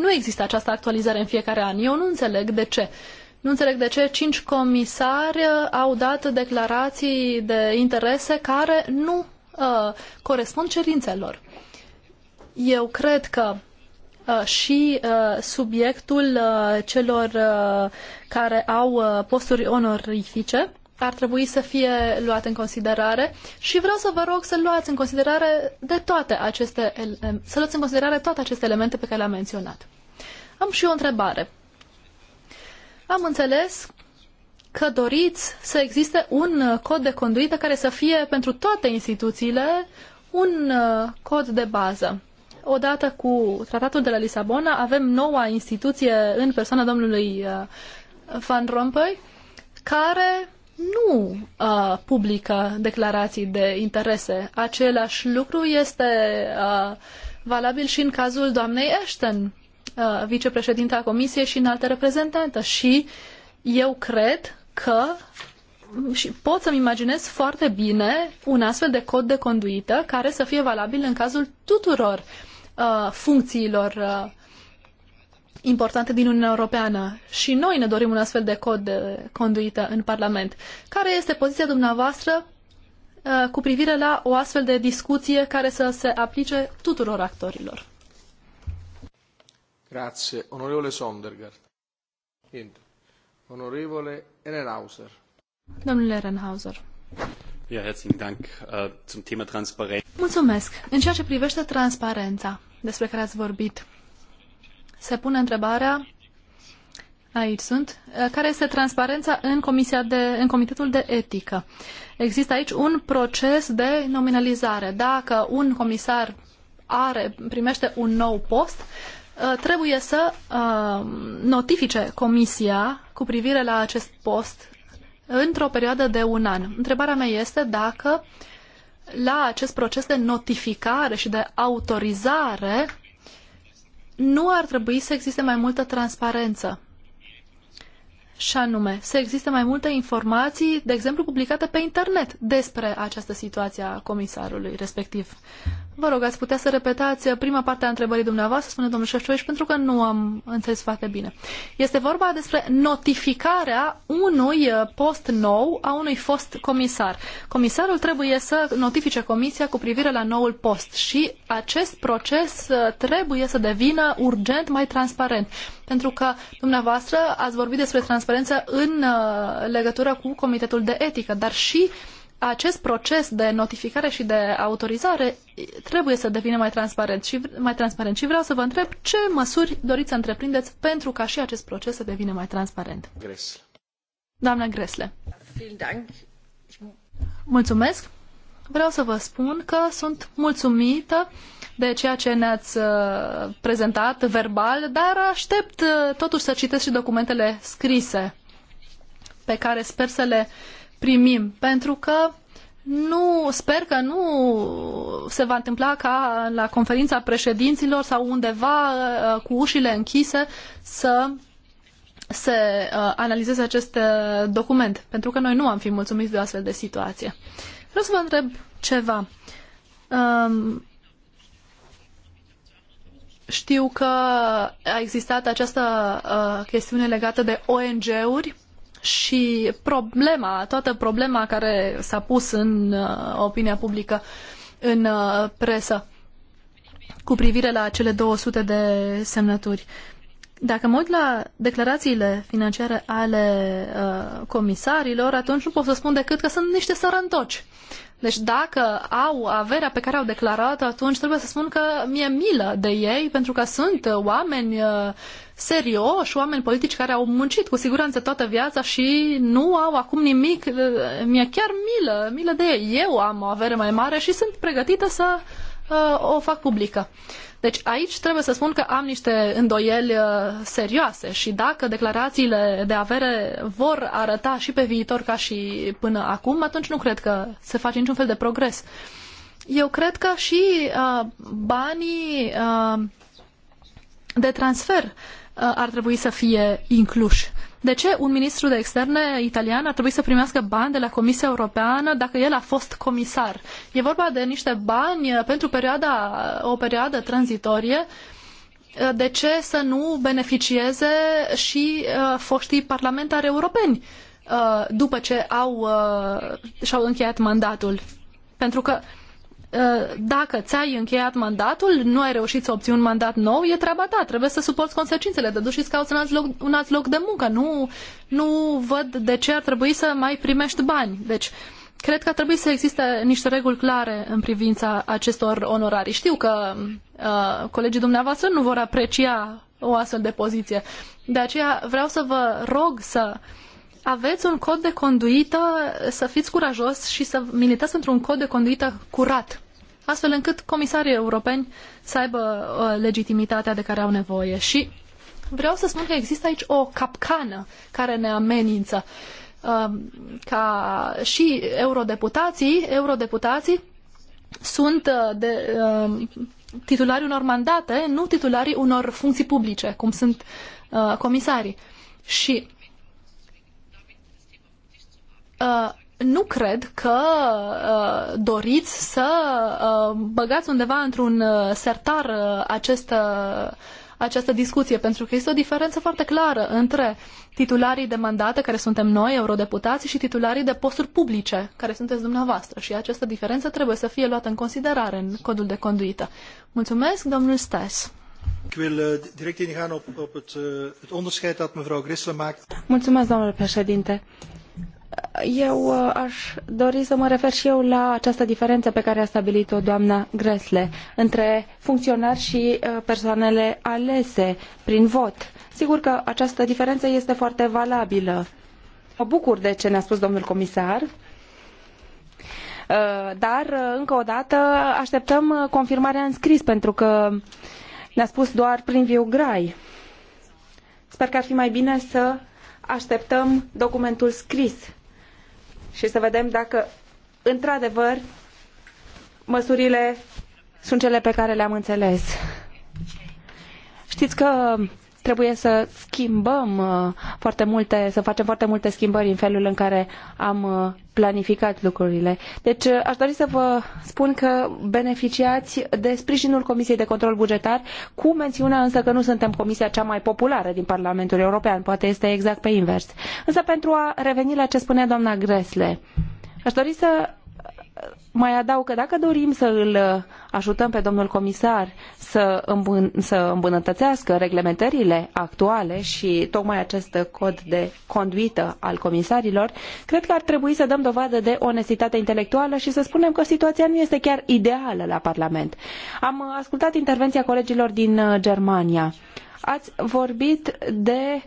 nu există această actualizare în fiecare an. Eu nu înțeleg de ce. Uh, nu înțeleg de ce cinci comisari au dat declarații de interese care nu uh, corespund cerințelor. Eu cred că uh, și uh, subiectul uh, celor uh, care au uh, posturi onorifice ar trebui să fie luat în considerare și vreau să vă rog să luați în considerare de toate aceste să luați în considerare toate aceste elemente pe care le-am menționat. Am și o întrebare. Am înțeles că doriți să existe un uh, cod de conduită care să fie pentru toate instituțiile un uh, cod de bază. Odată cu tratatul de la Lisabona avem noua instituție în persoana domnului uh, Van Rompuy care nu uh, publică declarații de interese. Același lucru este uh, valabil și în cazul doamnei Ashton. Uh, vicepreședinte a Comisiei și înaltă reprezentantă. Și eu cred că și pot să-mi imaginez foarte bine un astfel de cod de conduită care să fie valabil în cazul tuturor uh, funcțiilor uh, importante din Uniunea Europeană și noi ne dorim un astfel de cod de conduită în Parlament. Care este poziția dumneavoastră uh, cu privire la o astfel de discuție care să se aplice tuturor actorilor? Grazie. Onorevole Sondergaard. Niente. Onorevole Ehrenhauser. Domnule Ehrenhauser. Ja, herzlichen Dank äh, zum Thema Transparenz. Mulțumesc. În ceea ce privește transparența despre care ați vorbit, se pune întrebarea Aici sunt. Ă, care este transparența în, comisia de, în Comitetul de Etică? Există aici un proces de nominalizare. Dacă un comisar are, primește un nou post, Uh, trebuie să uh, notifice comisia cu privire la acest post într-o perioadă de un an. Întrebarea mea este dacă la acest proces de notificare și de autorizare nu ar trebui să existe mai multă transparență. Și anume, să existe mai multe informații, de exemplu, publicate pe internet despre această situație a comisarului respectiv. Vă rog, ați putea să repetați prima parte a întrebării dumneavoastră, spune domnul Șefcioviș, pentru că nu am înțeles foarte bine. Este vorba despre notificarea unui post nou a unui fost comisar. Comisarul trebuie să notifice comisia cu privire la noul post și acest proces uh, trebuie să devină urgent mai transparent. Pentru că dumneavoastră ați vorbit despre transparență în uh, legătură cu Comitetul de Etică, dar și uh, acest proces de notificare și de autorizare trebuie să devină mai transparent și, mai transparent și vreau să vă întreb ce măsuri doriți să întreprindeți pentru ca și acest proces să devină mai transparent. Gresle. Doamna Gresle. Mulțumesc. Vreau să vă spun că sunt mulțumită de ceea ce ne-ați uh, prezentat verbal, dar aștept uh, totuși să citesc și documentele scrise pe care sper să le uh, primim, pentru că nu, sper că nu se va întâmpla ca la conferința președinților sau undeva uh, uh, cu ușile închise să se uh, analizeze acest document, pentru că noi nu am fi mulțumiți de o astfel de situație. Vreau să vă întreb ceva. Um, știu că a existat această uh, chestiune legată de ONG-uri și problema, toată problema care s-a pus în uh, opinia publică, în uh, presă, cu privire la cele 200 de semnături. Dacă mă uit la declarațiile financiare ale uh, comisarilor, atunci nu pot să spun decât că sunt niște sărăntoci. Deci dacă au averea pe care au declarat, atunci trebuie să spun că mi-e milă de ei, pentru că sunt oameni uh, serioși, oameni politici care au muncit cu siguranță toată viața și nu au acum nimic. Uh, mi-e chiar milă, milă de ei. Eu am o avere mai mare și sunt pregătită să uh, o fac publică. Deci aici trebuie să spun că am niște îndoieli uh, serioase și dacă declarațiile de avere vor arăta și pe viitor ca și până acum, atunci nu cred că se face niciun fel de progres. Eu cred că și uh, banii uh, de transfer uh, ar trebui să fie incluși. De ce un ministru de externe italian ar trebui să primească bani de la Comisia Europeană dacă el a fost comisar? E vorba de niște bani pentru perioada, o perioadă tranzitorie de ce să nu beneficieze și uh, foștii parlamentari europeni uh, după ce au, uh, și-au încheiat mandatul? Pentru că uh, Uh, dacă ți-ai încheiat mandatul, nu ai reușit să obții un mandat nou, e treaba ta, trebuie să suporți consecințele, te duci și cauți un alt loc, un alt loc de muncă. Nu, nu văd de ce ar trebui să mai primești bani. Deci, cred că ar trebui să existe niște reguli clare în privința acestor onorarii. Știu că uh, colegii dumneavoastră nu vor aprecia o astfel de poziție. De aceea vreau să vă rog să uh, aveți un cod de conduită, să fiți curajos și să militați într-un cod de conduită curat, astfel încât comisarii europeni să aibă uh, legitimitatea de care au nevoie. Și vreau să spun că există aici o capcană care ne amenință. Um, ca și eurodeputații, eurodeputații sunt uh, de, um, titulari unor mandate, nu titularii unor funcții publice, cum sunt uh, comisarii. Și Uh, nu cred că uh, doriți să uh, băgați undeva într-un uh, sertar uh, acest, uh, această discuție, pentru că este o diferență foarte clară între titularii de mandate, care suntem noi, eurodeputații, și titularii de posturi publice, care sunteți dumneavoastră. Și această diferență trebuie să fie luată în considerare în codul de conduită. Mulțumesc, domnul Stes. Ik wil eh, direct ingaan op, op het, eh, het onderscheid dat mevrouw Grissel maakt. Mulțumesc, domnule președinte eu uh, aș dori să mă refer și eu la această diferență pe care a stabilit-o doamna Gresle între funcționari și uh, persoanele alese prin vot. Sigur că această diferență este foarte valabilă. Mă bucur de ce ne-a spus domnul comisar, uh, dar, încă o dată, așteptăm confirmarea în scris, pentru că ne-a spus doar prin viu grai. Sper că ar fi mai bine să așteptăm documentul scris și să vedem dacă, într-adevăr, măsurile sunt cele pe care le-am înțeles. Știți că trebuie să schimbăm uh, foarte multe, să facem foarte multe schimbări în felul în care am uh, planificat lucrurile. Deci uh, aș dori să vă spun că beneficiați de sprijinul Comisiei de Control Bugetar, cu mențiunea însă că nu suntem comisia cea mai populară din Parlamentul European, poate este exact pe invers. Însă pentru a reveni la ce spunea doamna Gresle, aș dori să mai adaug că dacă dorim să îl ajutăm pe domnul comisar să, îmbun- să îmbunătățească reglementările actuale și tocmai acest cod de conduită al comisarilor, cred că ar trebui să dăm dovadă de onestitate intelectuală și să spunem că situația nu este chiar ideală la Parlament. Am ascultat intervenția colegilor din uh, Germania. Ați vorbit de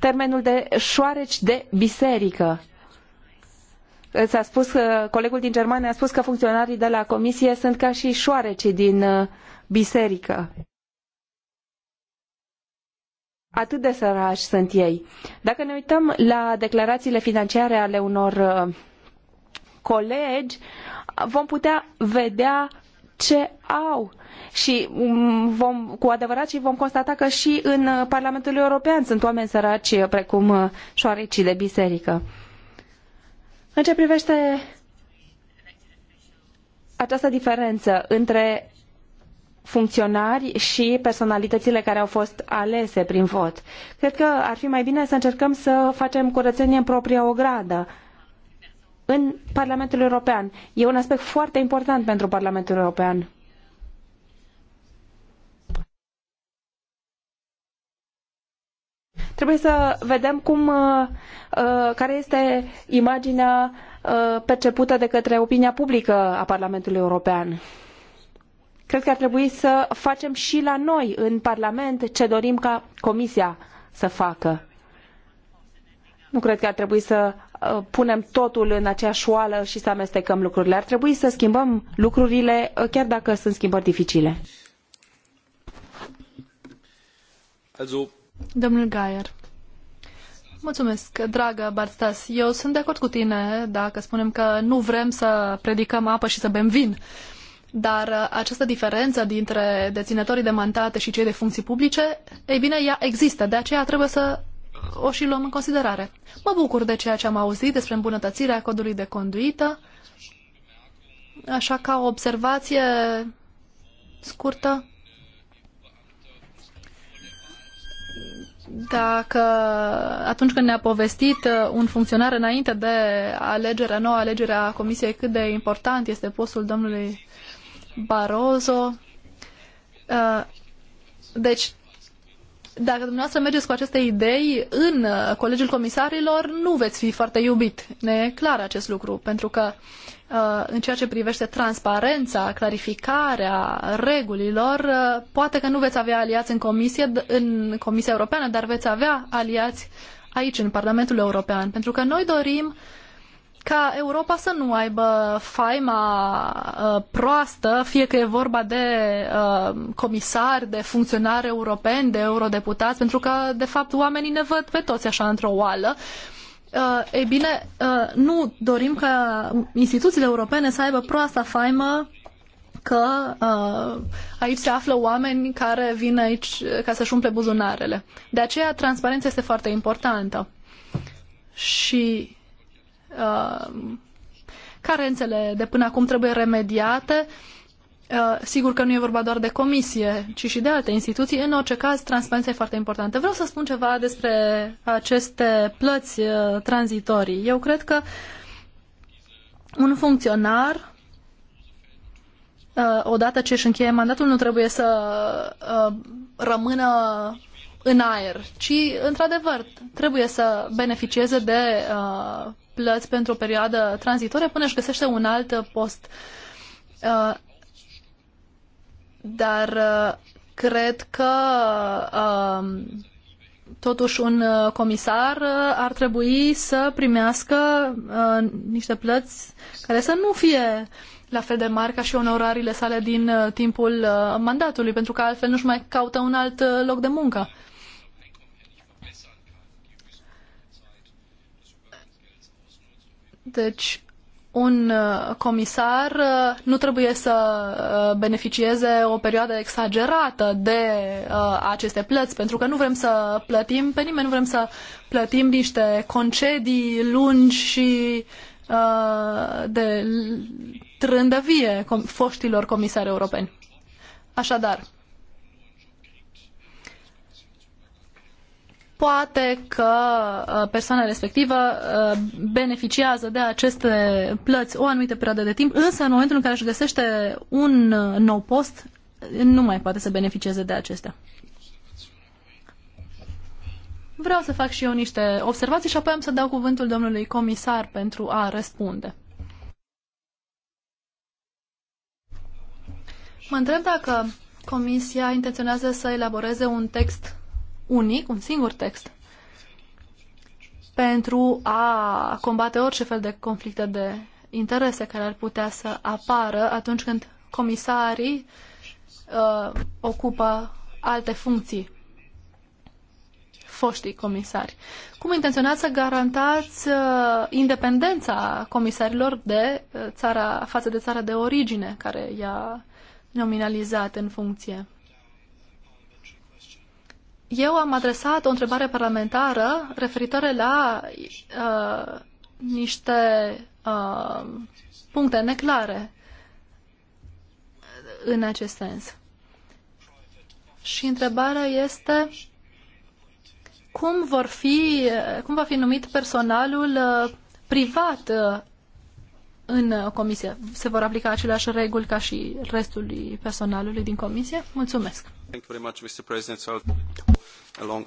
termenul de șoareci de biserică s-a spus, colegul din Germania a spus că funcționarii de la comisie sunt ca și șoarecii din uh, biserică. Atât de sărași sunt ei. Dacă ne uităm la declarațiile financiare ale unor uh, colegi, vom putea vedea ce au și um, vom, cu adevărat și vom constata că și în uh, Parlamentul European sunt oameni săraci precum șoarecii de biserică. În ce privește această diferență între funcționari și personalitățile care au fost alese prin vot. Cred că ar fi mai bine să încercăm să facem curățenie în propria ogradă. În Parlamentul European. E un aspect foarte important pentru Parlamentul European. Trebuie să vedem cum, uh, uh, care este imaginea uh, percepută de către opinia publică a Parlamentului European. Cred că ar trebui să facem și la noi, în Parlament, ce dorim ca Comisia să facă. Nu cred că ar trebui să punem totul în aceeași oală și să amestecăm lucrurile. Ar trebui să schimbăm lucrurile, chiar dacă sunt schimbări dificile. Also, Domnul Gaier. Mulțumesc, dragă Barstas. Eu sunt de acord cu tine dacă spunem că nu vrem să predicăm apă și să bem vin. Dar uh, această diferență dintre deținătorii de mandate și cei de funcții publice, ei bine, ea există. De aceea trebuie să o și luăm în considerare. Mă bucur de ceea ce am auzit despre îmbunătățirea codului de conduită. Așa ca o observație scurtă, dacă atunci când ne-a povestit uh, un funcționar înainte de alegerea, noua alegere a Comisiei, cât de important este postul domnului Barroso. Uh, deci, dacă dumneavoastră mergeți cu aceste idei în uh, Colegiul Comisarilor, nu veți fi foarte iubit. Ne e clar acest lucru, pentru că uh, în ceea ce privește transparența, clarificarea regulilor, uh, poate că nu veți avea aliați în Comisie, în Comisia Europeană, dar veți avea aliați aici, în Parlamentul European, pentru că noi dorim uh, ca Europa să nu aibă faima uh, proastă, fie că e vorba de uh, comisari, de funcționari europeni, de eurodeputați, pentru că, de fapt, oamenii ne văd pe toți așa într-o oală. Uh, ei bine, uh, nu dorim ca instituțiile europene să aibă proasta faimă că uh, aici se află oameni care vin aici ca să-și umple buzunarele. De aceea, transparența este foarte importantă. Și uh, carențele de până acum trebuie remediate. Uh, sigur că nu e vorba doar de comisie, ci și de alte instituții. În orice caz, transparența e foarte importantă. Vreau să spun ceva despre aceste plăți uh, tranzitorii. Eu cred că un funcționar, uh, odată ce își încheie mandatul, nu trebuie să rămână în aer, ci, într-adevăr, trebuie să beneficieze de plăți pentru o perioadă tranzitorie până își găsește un alt post. Uh, dar uh, cred că uh, totuși un comisar ar trebui să primească niște plăți care să nu fie la fel de mari ca și onorariile sale din timpul mandatului, pentru că altfel nu-și mai caută un alt loc de muncă. Deci, un uh, comisar uh, nu trebuie să uh, beneficieze o perioadă exagerată de aceste plăți, pentru că nu vrem să plătim pe nimeni, nu vrem să plătim niște concedii lungi și de trândăvie foștilor comisari europeni. Așadar, poate că uh, persoana respectivă uh, beneficiază de aceste plăți o anumită perioadă de timp, însă în momentul în care își găsește un uh, nou post, nu mai poate să beneficieze de acestea. Vreau să fac și eu niște observații și apoi am să dau cuvântul domnului comisar pentru a răspunde. Mă întreb dacă Comisia intenționează să elaboreze un text unic, un singur text pentru a combate orice fel de conflicte de interese care ar putea să apară atunci când comisarii uh, ocupă alte funcții, foștii comisari. Cum intenționați să garantați uh, independența comisarilor de uh, țara, față de țara de origine care i-a nominalizat în funcție? Eu am adresat o întrebare parlamentară referitoare la uh, niște uh, puncte neclare în acest sens. Și întrebarea este cum, vor fi, cum va fi numit personalul uh, privat uh, în comisie. Se vor aplica aceleași reguli ca și restul personalului din comisie? Mulțumesc! Uh,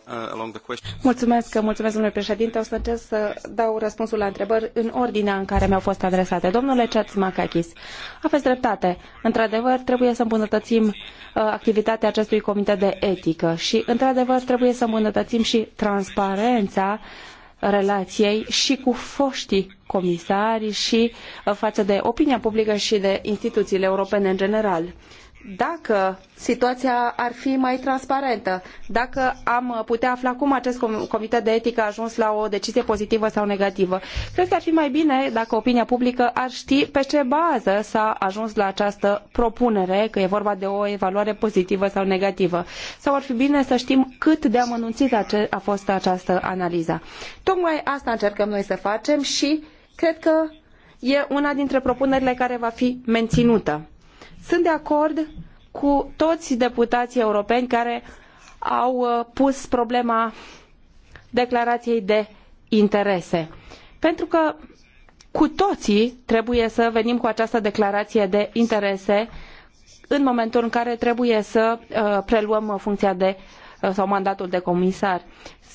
mulțumesc, mulțumesc, domnule președinte. O să încerc să dau răspunsul la întrebări în ordinea în care mi-au fost adresate. Domnule Chatzimakakis, aveți dreptate. Într-adevăr, trebuie să îmbunătățim uh, activitatea acestui comitet de etică și, într-adevăr, trebuie să îmbunătățim și transparența uh, relației și cu foștii comisari și uh, față de opinia publică și de instituțiile europene în general dacă situația ar fi mai transparentă, dacă am putea afla cum acest comitet de etică a ajuns la o decizie pozitivă sau negativă. Cred că ar fi mai bine dacă opinia publică ar ști pe ce bază s-a ajuns la această propunere, că e vorba de o evaluare pozitivă sau negativă. Sau ar fi bine să știm cât de amănunțit a fost această analiză. Tocmai asta încercăm noi să facem și cred că e una dintre propunerile care va fi menținută sunt de acord cu toți deputații europeni care au uh, pus problema declarației de interese. Pentru că cu toții trebuie să venim cu această declarație de interese în momentul în care trebuie să uh, preluăm funcția de uh, sau mandatul de comisar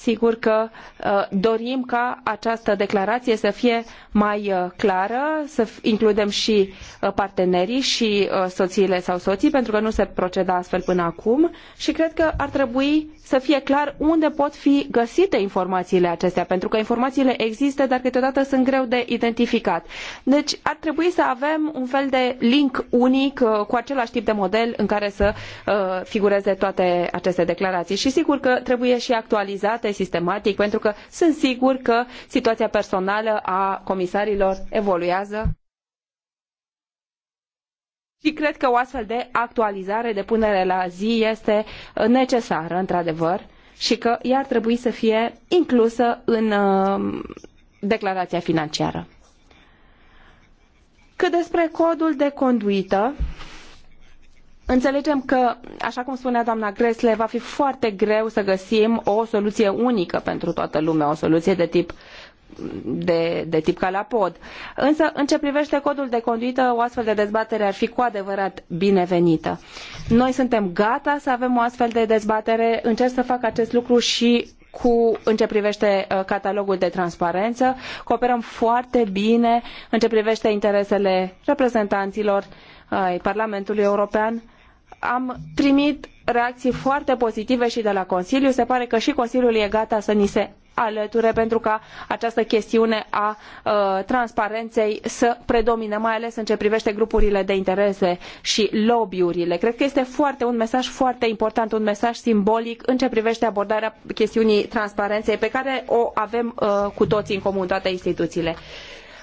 sigur că uh, dorim ca această declarație să fie mai uh, clară, să includem și uh, partenerii și soțiile sau soții, pentru că nu se proceda astfel până acum și cred că ar trebui să fie clar unde pot fi găsite informațiile acestea, pentru că informațiile există, dar câteodată sunt greu de identificat. Deci ar trebui să avem un fel de link unic cu același tip de model în care să figureze toate aceste declarații. Și sigur că trebuie și actualizate sistematic, pentru că sunt sigur că situația personală a comisarilor evoluează. Și cred că o astfel de actualizare, de punere la zi este necesară, într-adevăr, și că ea ar trebui să fie inclusă în um, declarația financiară. Cât despre codul de conduită, Înțelegem că, așa cum spunea doamna Gresle, va fi foarte greu să găsim o soluție unică pentru toată lumea, o soluție de tip de, de tip calapod. Însă, în ce privește codul de conduită, o astfel de dezbatere ar fi cu adevărat binevenită. Noi suntem gata să avem o astfel de dezbatere, încerc să fac acest lucru și cu, în ce privește uh, catalogul de transparență, cooperăm foarte bine în ce privește interesele reprezentanților ai Parlamentului European am primit reacții foarte pozitive și de la Consiliu. Se pare că și Consiliul e gata să ni se alăture pentru ca această chestiune a uh, transparenței să predomine, mai ales în ceea ce privește grupurile de interese și lobby-urile. Cred că este foarte un mesaj foarte important, un mesaj simbolic în ceea ce privește abordarea chestiunii transparenței pe care o avem uh, cu toții în comun, toate instituțiile.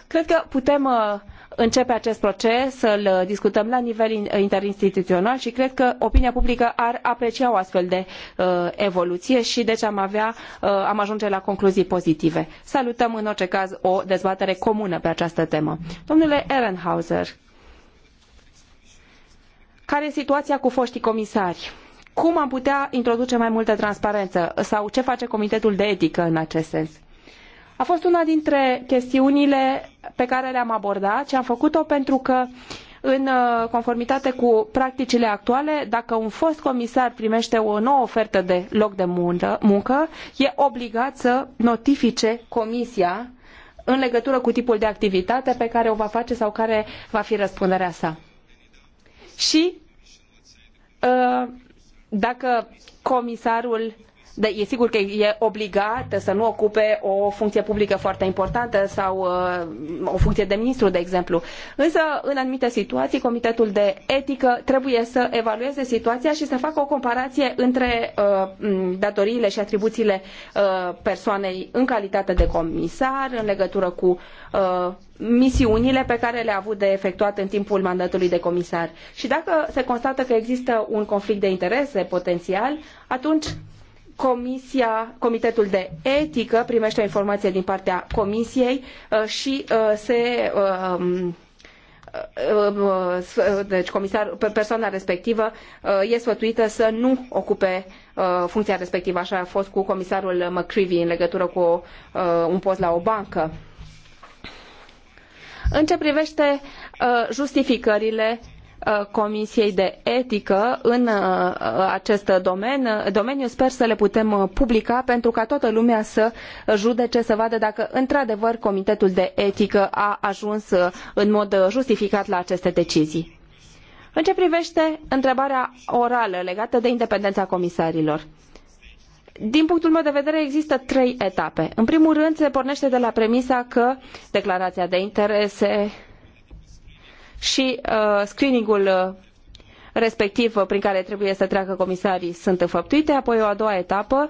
Cred că putem uh, începe acest proces, să-l discutăm la nivel interinstituțional și cred că opinia publică ar aprecia o astfel de uh, evoluție și deci am, avea, uh, am ajunge la concluzii pozitive. Salutăm în orice caz o dezbatere comună pe această temă. Domnule Ehrenhauser, care e situația cu foștii comisari? Cum am putea introduce mai multă transparență sau ce face Comitetul de Etică în acest sens? A fost una dintre chestiunile pe care le-am abordat și am făcut-o pentru că în uh, conformitate cu practicile actuale, dacă un fost comisar primește o nouă ofertă de loc de muncă, e obligat să notifice comisia în legătură cu tipul de activitate pe care o va face sau care va fi răspunderea sa. Și uh, dacă comisarul de, da, e sigur că e obligat să nu ocupe o funcție publică foarte importantă sau uh, o funcție de ministru, de exemplu. Însă, în anumite situații, Comitetul de Etică trebuie să evalueze situația și să facă o comparație între uh, datoriile și atribuțiile uh, persoanei în calitate de comisar în legătură cu uh, misiunile pe care le-a avut de efectuat în timpul mandatului de comisar. Și dacă se constată că există un conflict de interese potențial, atunci Comisia, Comitetul de Etică primește o informație din partea Comisiei uh, și uh, se um, uh, um, deci comisar, persoana respectivă e sfătuită să nu ocupe funcția respectivă. Așa a fost cu comisarul McCreevy în legătură cu un post la o bancă. În ce privește justificările Uh, Comisiei de Etică în uh, acest domen, uh, domeniu. Sper să le putem publica pentru ca toată lumea să judece, să vadă dacă într-adevăr Comitetul de Etică a ajuns în mod justificat la aceste decizii. În ce privește întrebarea orală legată de independența comisarilor, din punctul meu de vedere, există trei etape. În primul rând, se pornește de la premisa că declarația de interese, și uh, screeningul uh, respectiv uh, prin care trebuie să treacă comisarii sunt înfăptuite, apoi o a doua etapă,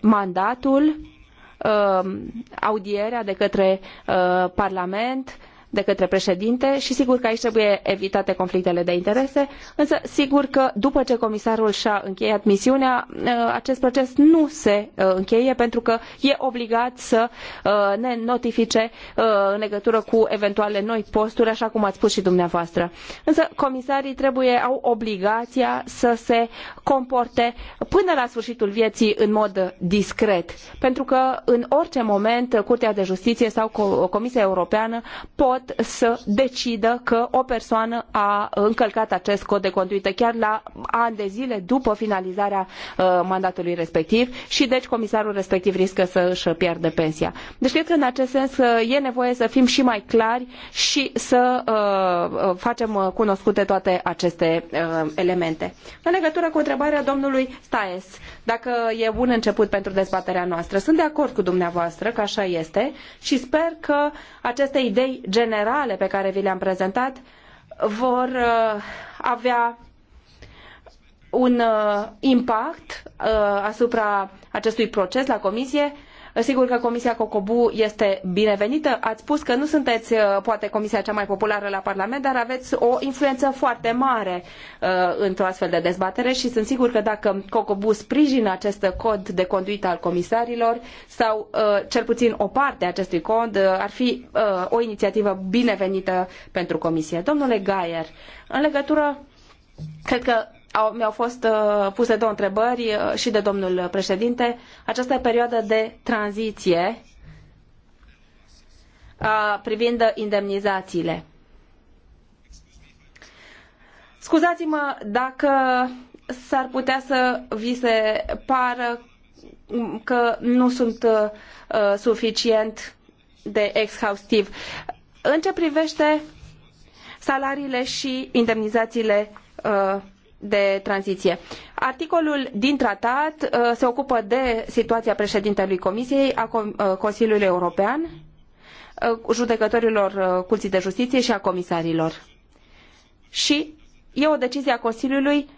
mandatul, audierea de către Parlament, de către președinte și sigur că aici trebuie evitate conflictele de interese, însă sigur că după ce comisarul și-a încheiat misiunea, uh, acest proces nu se uh, încheie pentru că e obligat să uh, ne notifice în legătură cu eventuale noi posturi, așa cum ați spus și dumneavoastră. Însă comisarii trebuie, au obligația să se comporte până la sfârșitul vieții în mod discret, pentru că în orice moment Curtea de Justiție sau Comisia Europeană pot pot să decidă că o persoană a încălcat acest cod de conduită chiar la ani de zile după finalizarea uh, mandatului respectiv și deci comisarul respectiv riscă să își piardă pensia. Deci cred că în acest sens uh, e nevoie să fim și mai clari și să uh, facem cunoscute toate aceste elemente. În legătură cu întrebarea domnului Staes, dacă e bun început pentru dezbaterea noastră, sunt de acord cu dumneavoastră că așa este și sper că aceste idei generale generale pe care vi le-am prezentat vor uh, avea un uh, impact uh, asupra acestui proces la comisie Sigur că Comisia Cocobu este binevenită. Ați spus că nu sunteți uh, poate comisia cea mai populară la Parlament, dar aveți o influență foarte mare uh, într-o astfel de dezbatere și sunt sigur că dacă Cocobu sprijină acest cod de conduită al comisarilor sau uh, cel puțin o parte a acestui cod, uh, ar fi uh, o inițiativă binevenită pentru Comisie. Domnule Gaier, în legătură Cred că au, mi-au fost uh, puse două întrebări uh, și de domnul președinte. Această perioadă de tranziție uh, privind indemnizațiile. Scuzați-mă dacă s-ar putea să vi se pară că nu sunt uh, suficient de exhaustiv. În ce privește salariile și indemnizațiile uh, de tranziție. Articolul din tratat uh, se ocupă de situația președintelui Comisiei a uh, Consiliului European, uh, judecătorilor Curții de Justiție și a comisarilor. Și e o decizie a Consiliului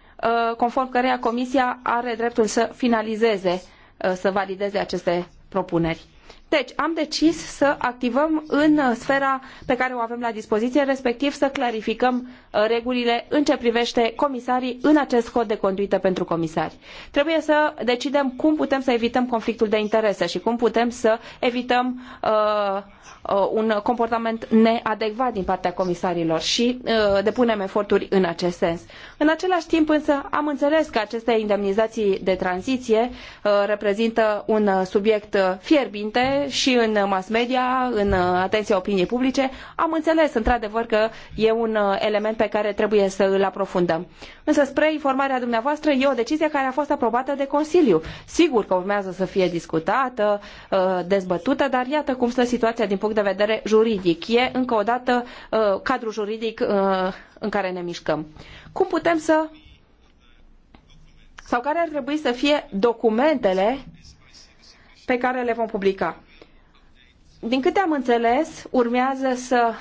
conform căreia Comisia are dreptul să finalizeze, să valideze aceste propuneri. Deci, am decis să activăm în uh, sfera pe care o avem la dispoziție, respectiv să clarificăm uh, regulile în ce privește comisarii în acest cod de conduită pentru comisari. Trebuie să decidem cum putem să evităm conflictul de interese și cum putem să evităm uh, uh un comportament neadecvat din partea comisarilor și uh, depunem eforturi în acest sens. În același timp, însă, am înțeles că aceste indemnizații de tranziție reprezintă un subiect fierbinte și în mass media, în uh, atenția opiniei publice, am înțeles într-adevăr că e un uh, element pe care trebuie să îl aprofundăm. Însă, spre informarea dumneavoastră, e o decizie care a fost aprobată de Consiliu. Sigur că urmează să fie discutată, uh, dezbătută, dar iată cum stă situația din punct de vedere juridic. E, încă o dată, cadrul juridic în care ne mișcăm. Cum putem să sau care ar trebui să fie documentele pe care le vom publica. Din câte am înțeles, urmează să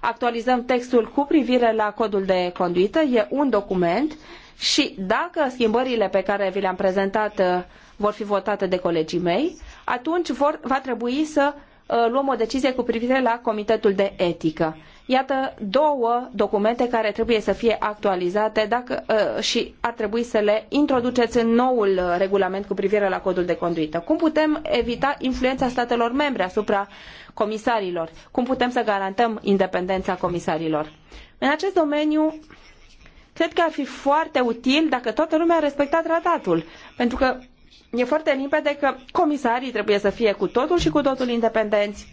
actualizăm textul cu privire la codul de conduită. E un document și dacă schimbările pe care vi le-am prezentat uh, vor fi votate de colegii mei, atunci vor, va trebui să uh, luăm o decizie cu privire la Comitetul de Etică. Iată două documente care trebuie să fie actualizate dacă, ă, și ar trebui să le introduceți în noul ă, regulament cu privire la codul de conduită. Cum putem evita influența statelor membre asupra comisarilor? Cum putem să garantăm independența comisarilor? În acest domeniu, cred că ar fi foarte util dacă toată lumea ar respecta tratatul, pentru că e foarte limpede că comisarii trebuie să fie cu totul și cu totul independenți.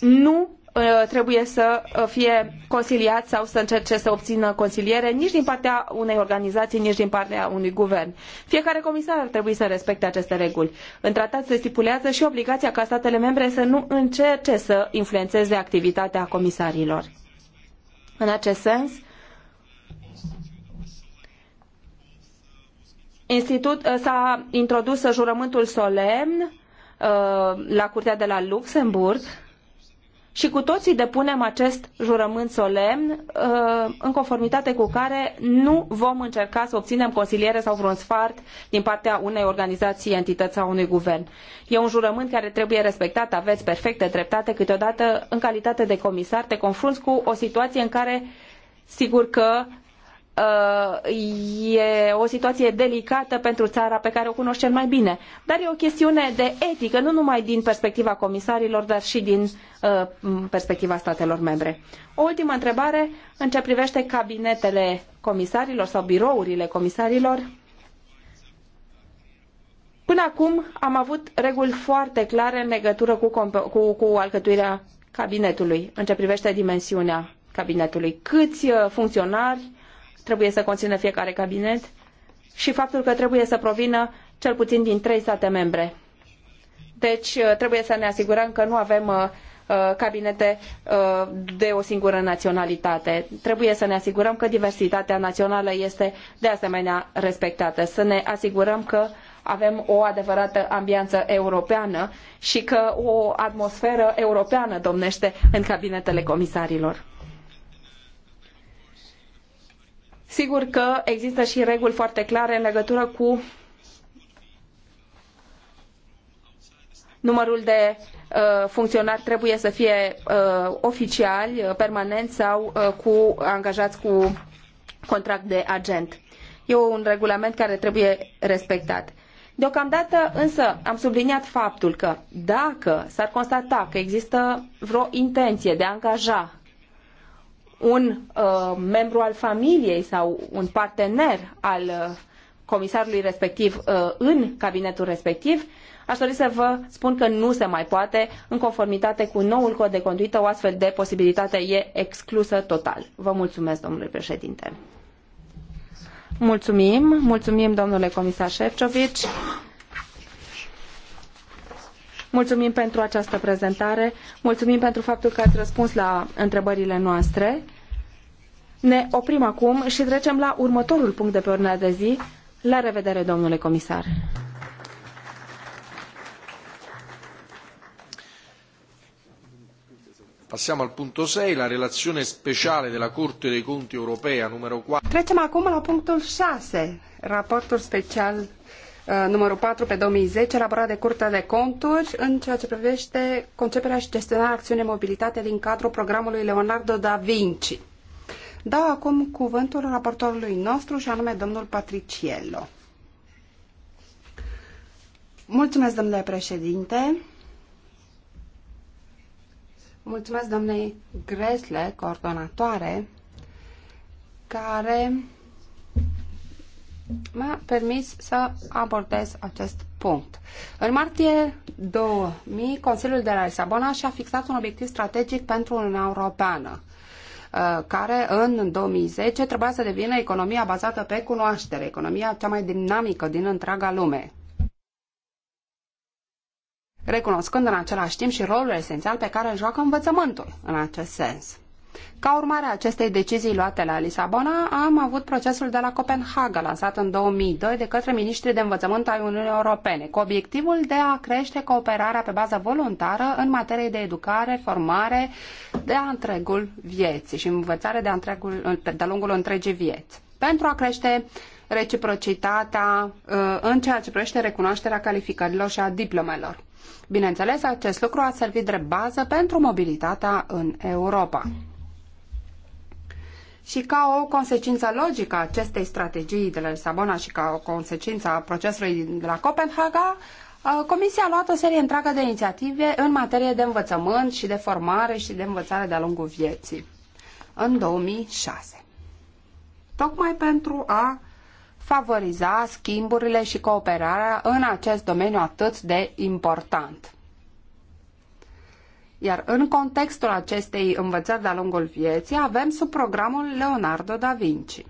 Nu Uh, trebuie să uh, fie consiliat sau să încerce să obțină consiliere nici din partea unei organizații, nici din partea unui guvern. Fiecare comisar ar trebui să respecte aceste reguli. În tratat se stipulează și obligația ca statele membre să nu încerce să influențeze activitatea comisarilor. În acest sens, institut, uh, s-a introdus jurământul solemn la curtea de la Luxemburg, și cu toții depunem acest jurământ solemn uh, în conformitate cu care nu vom încerca să obținem consiliere sau vreun sfart din partea unei organizații, entități sau unui guvern. E un jurământ care trebuie respectat, aveți perfecte dreptate, câteodată în calitate de comisar te confrunți cu o situație în care sigur că Uh, e o situație delicată pentru țara pe care o cel mai bine. Dar e o chestiune de etică, nu numai din perspectiva comisarilor, dar și din uh, perspectiva statelor membre. O ultimă întrebare în ce privește cabinetele comisarilor sau birourile comisarilor. Până acum am avut reguli foarte clare în legătură cu, cu, cu alcătuirea cabinetului, în ce privește dimensiunea cabinetului. Câți uh, funcționari trebuie să conțină fiecare cabinet și faptul că trebuie să provină cel puțin din trei state membre. Deci uh, trebuie să ne asigurăm că nu avem uh, uh, cabinete de o singură naționalitate. Trebuie să ne asigurăm că diversitatea națională este de asemenea respectată, să ne asigurăm că avem o adevărată ambianță europeană și că o atmosferă europeană domnește în cabinetele comisarilor. Sigur că există și reguli foarte clare în legătură cu numărul de uh, funcționari trebuie să fie uh, oficiali, uh, permanent sau uh, cu angajați cu contract de agent. E un regulament care trebuie respectat. Deocamdată însă am subliniat faptul că dacă s-ar constata că există vreo intenție de a angaja un uh, membru al familiei sau un partener al uh, comisarului respectiv uh, în cabinetul respectiv, aș dori să vă spun că nu se mai poate, în conformitate cu noul cod de conduită, o astfel de posibilitate e exclusă total. Vă mulțumesc, domnule președinte. Mulțumim, mulțumim domnule comisar Șefcovici. Mulțumim pentru această prezentare, mulțumim pentru faptul că ați răspuns la întrebările noastre. Ne oprim acum și trecem la următorul punct de pe ordinea de zi. La revedere, domnule comisar! Passiamo al punto 6, la relazione speciale della Corte dei Conti europea numero 4. Trecem acum la punctul 6, raportul special Uh, numărul 4 pe 2010, elaborat de Curtea de Conturi, în ceea ce privește conceperea și gestionarea acțiunii mobilitate din cadrul programului Leonardo da Vinci. Dau acum cuvântul raportorului nostru și anume domnul Patriciello. Mulțumesc, domnule președinte. Mulțumesc, doamnei Gresle, coordonatoare, care m a permis să abordez acest punct. În martie 2000, Consiliul de la Lisabona și-a fixat un obiectiv strategic pentru Uniunea Europeană uh, care în 2010 trebuia să devină economia bazată pe cunoaștere, economia cea mai dinamică din întreaga lume. Recunoscând în același timp și rolul esențial pe care îl joacă învățământul în acest sens. Ca urmare a acestei decizii luate la Lisabona, am avut procesul de la Copenhaga, lansat în 2002 de către ministrii de învățământ ai Uniunii Europene, cu obiectivul de a crește cooperarea pe bază voluntară în materie de educare, formare de-a întregul vieții și învățare de-a, întregul, de lungul întregii vieți. Pentru a crește reciprocitatea uh, în ceea ce privește recunoașterea calificărilor și a diplomelor. Bineînțeles, acest lucru a servit drept bază pentru mobilitatea în Europa. Și ca o consecință logică a acestei strategii de la Lisabona și ca o consecință a procesului de la Copenhaga, uh, Comisia a luat o serie întreagă de inițiative în materie de învățământ și de formare și de învățare de-a lungul vieții în 2006. Tocmai pentru a favoriza schimburile și cooperarea în acest domeniu atât de important. Iar în contextul acestei învățări de-a lungul vieții avem sub programul Leonardo da Vinci,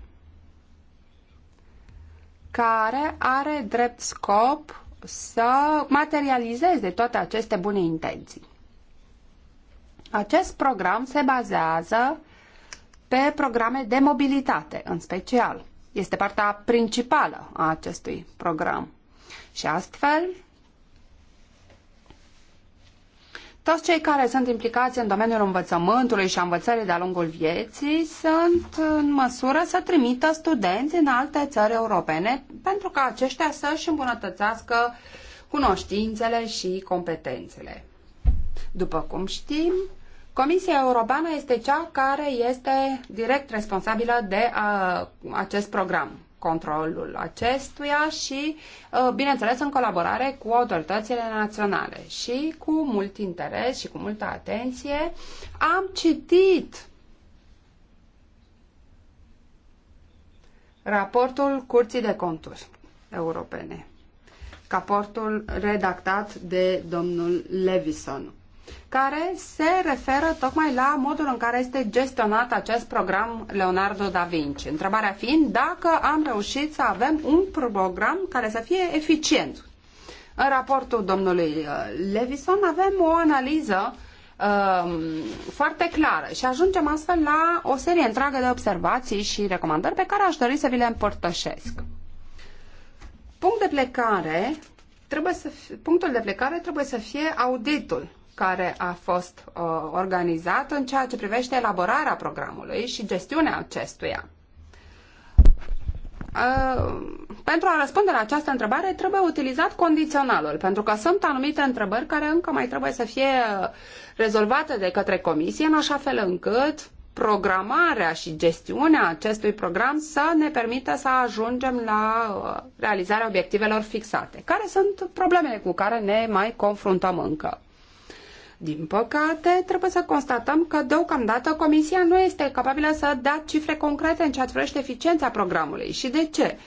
care are drept scop să materializeze toate aceste bune intenții. Acest program se bazează pe programe de mobilitate, în special. Este partea principală a acestui program. Și astfel, Toți cei care sunt implicați în domeniul învățământului și a învățării de-a lungul vieții sunt în măsură să trimită studenți în alte țări europene pentru ca aceștia să-și îmbunătățească cunoștințele și competențele. După cum știm, Comisia Europeană este cea care este direct responsabilă de a, uh, acest program controlul acestuia și, uh, bineînțeles, în colaborare cu autoritățile naționale. Și cu mult interes și cu multă atenție am citit raportul Curții de Conturi Europene, raportul redactat de domnul Levison care se referă tocmai la modul în care este gestionat acest program Leonardo da Vinci. Întrebarea fiind dacă am reușit să avem un program care să fie eficient. În raportul domnului uh, Levison avem o analiză um, foarte clară și ajungem astfel la o serie întreagă de observații și recomandări pe care aș dori să vi le împărtășesc. Punct de plecare trebuie să fie, punctul de plecare trebuie să fie auditul care a fost uh, organizat în ceea ce privește elaborarea programului și gestiunea acestuia. Uh, pentru a răspunde la această întrebare trebuie utilizat condiționalul, pentru că sunt anumite întrebări care încă mai trebuie să fie rezolvate de către comisie, în așa fel încât programarea și gestiunea acestui program să ne permită să ajungem la uh, realizarea obiectivelor fixate. Care sunt problemele cu care ne mai confruntăm încă? Din păcate, trebuie să constatăm că deocamdată Comisia nu este capabilă să dea cifre concrete în ceea ce privește eficiența programului. Și de ce?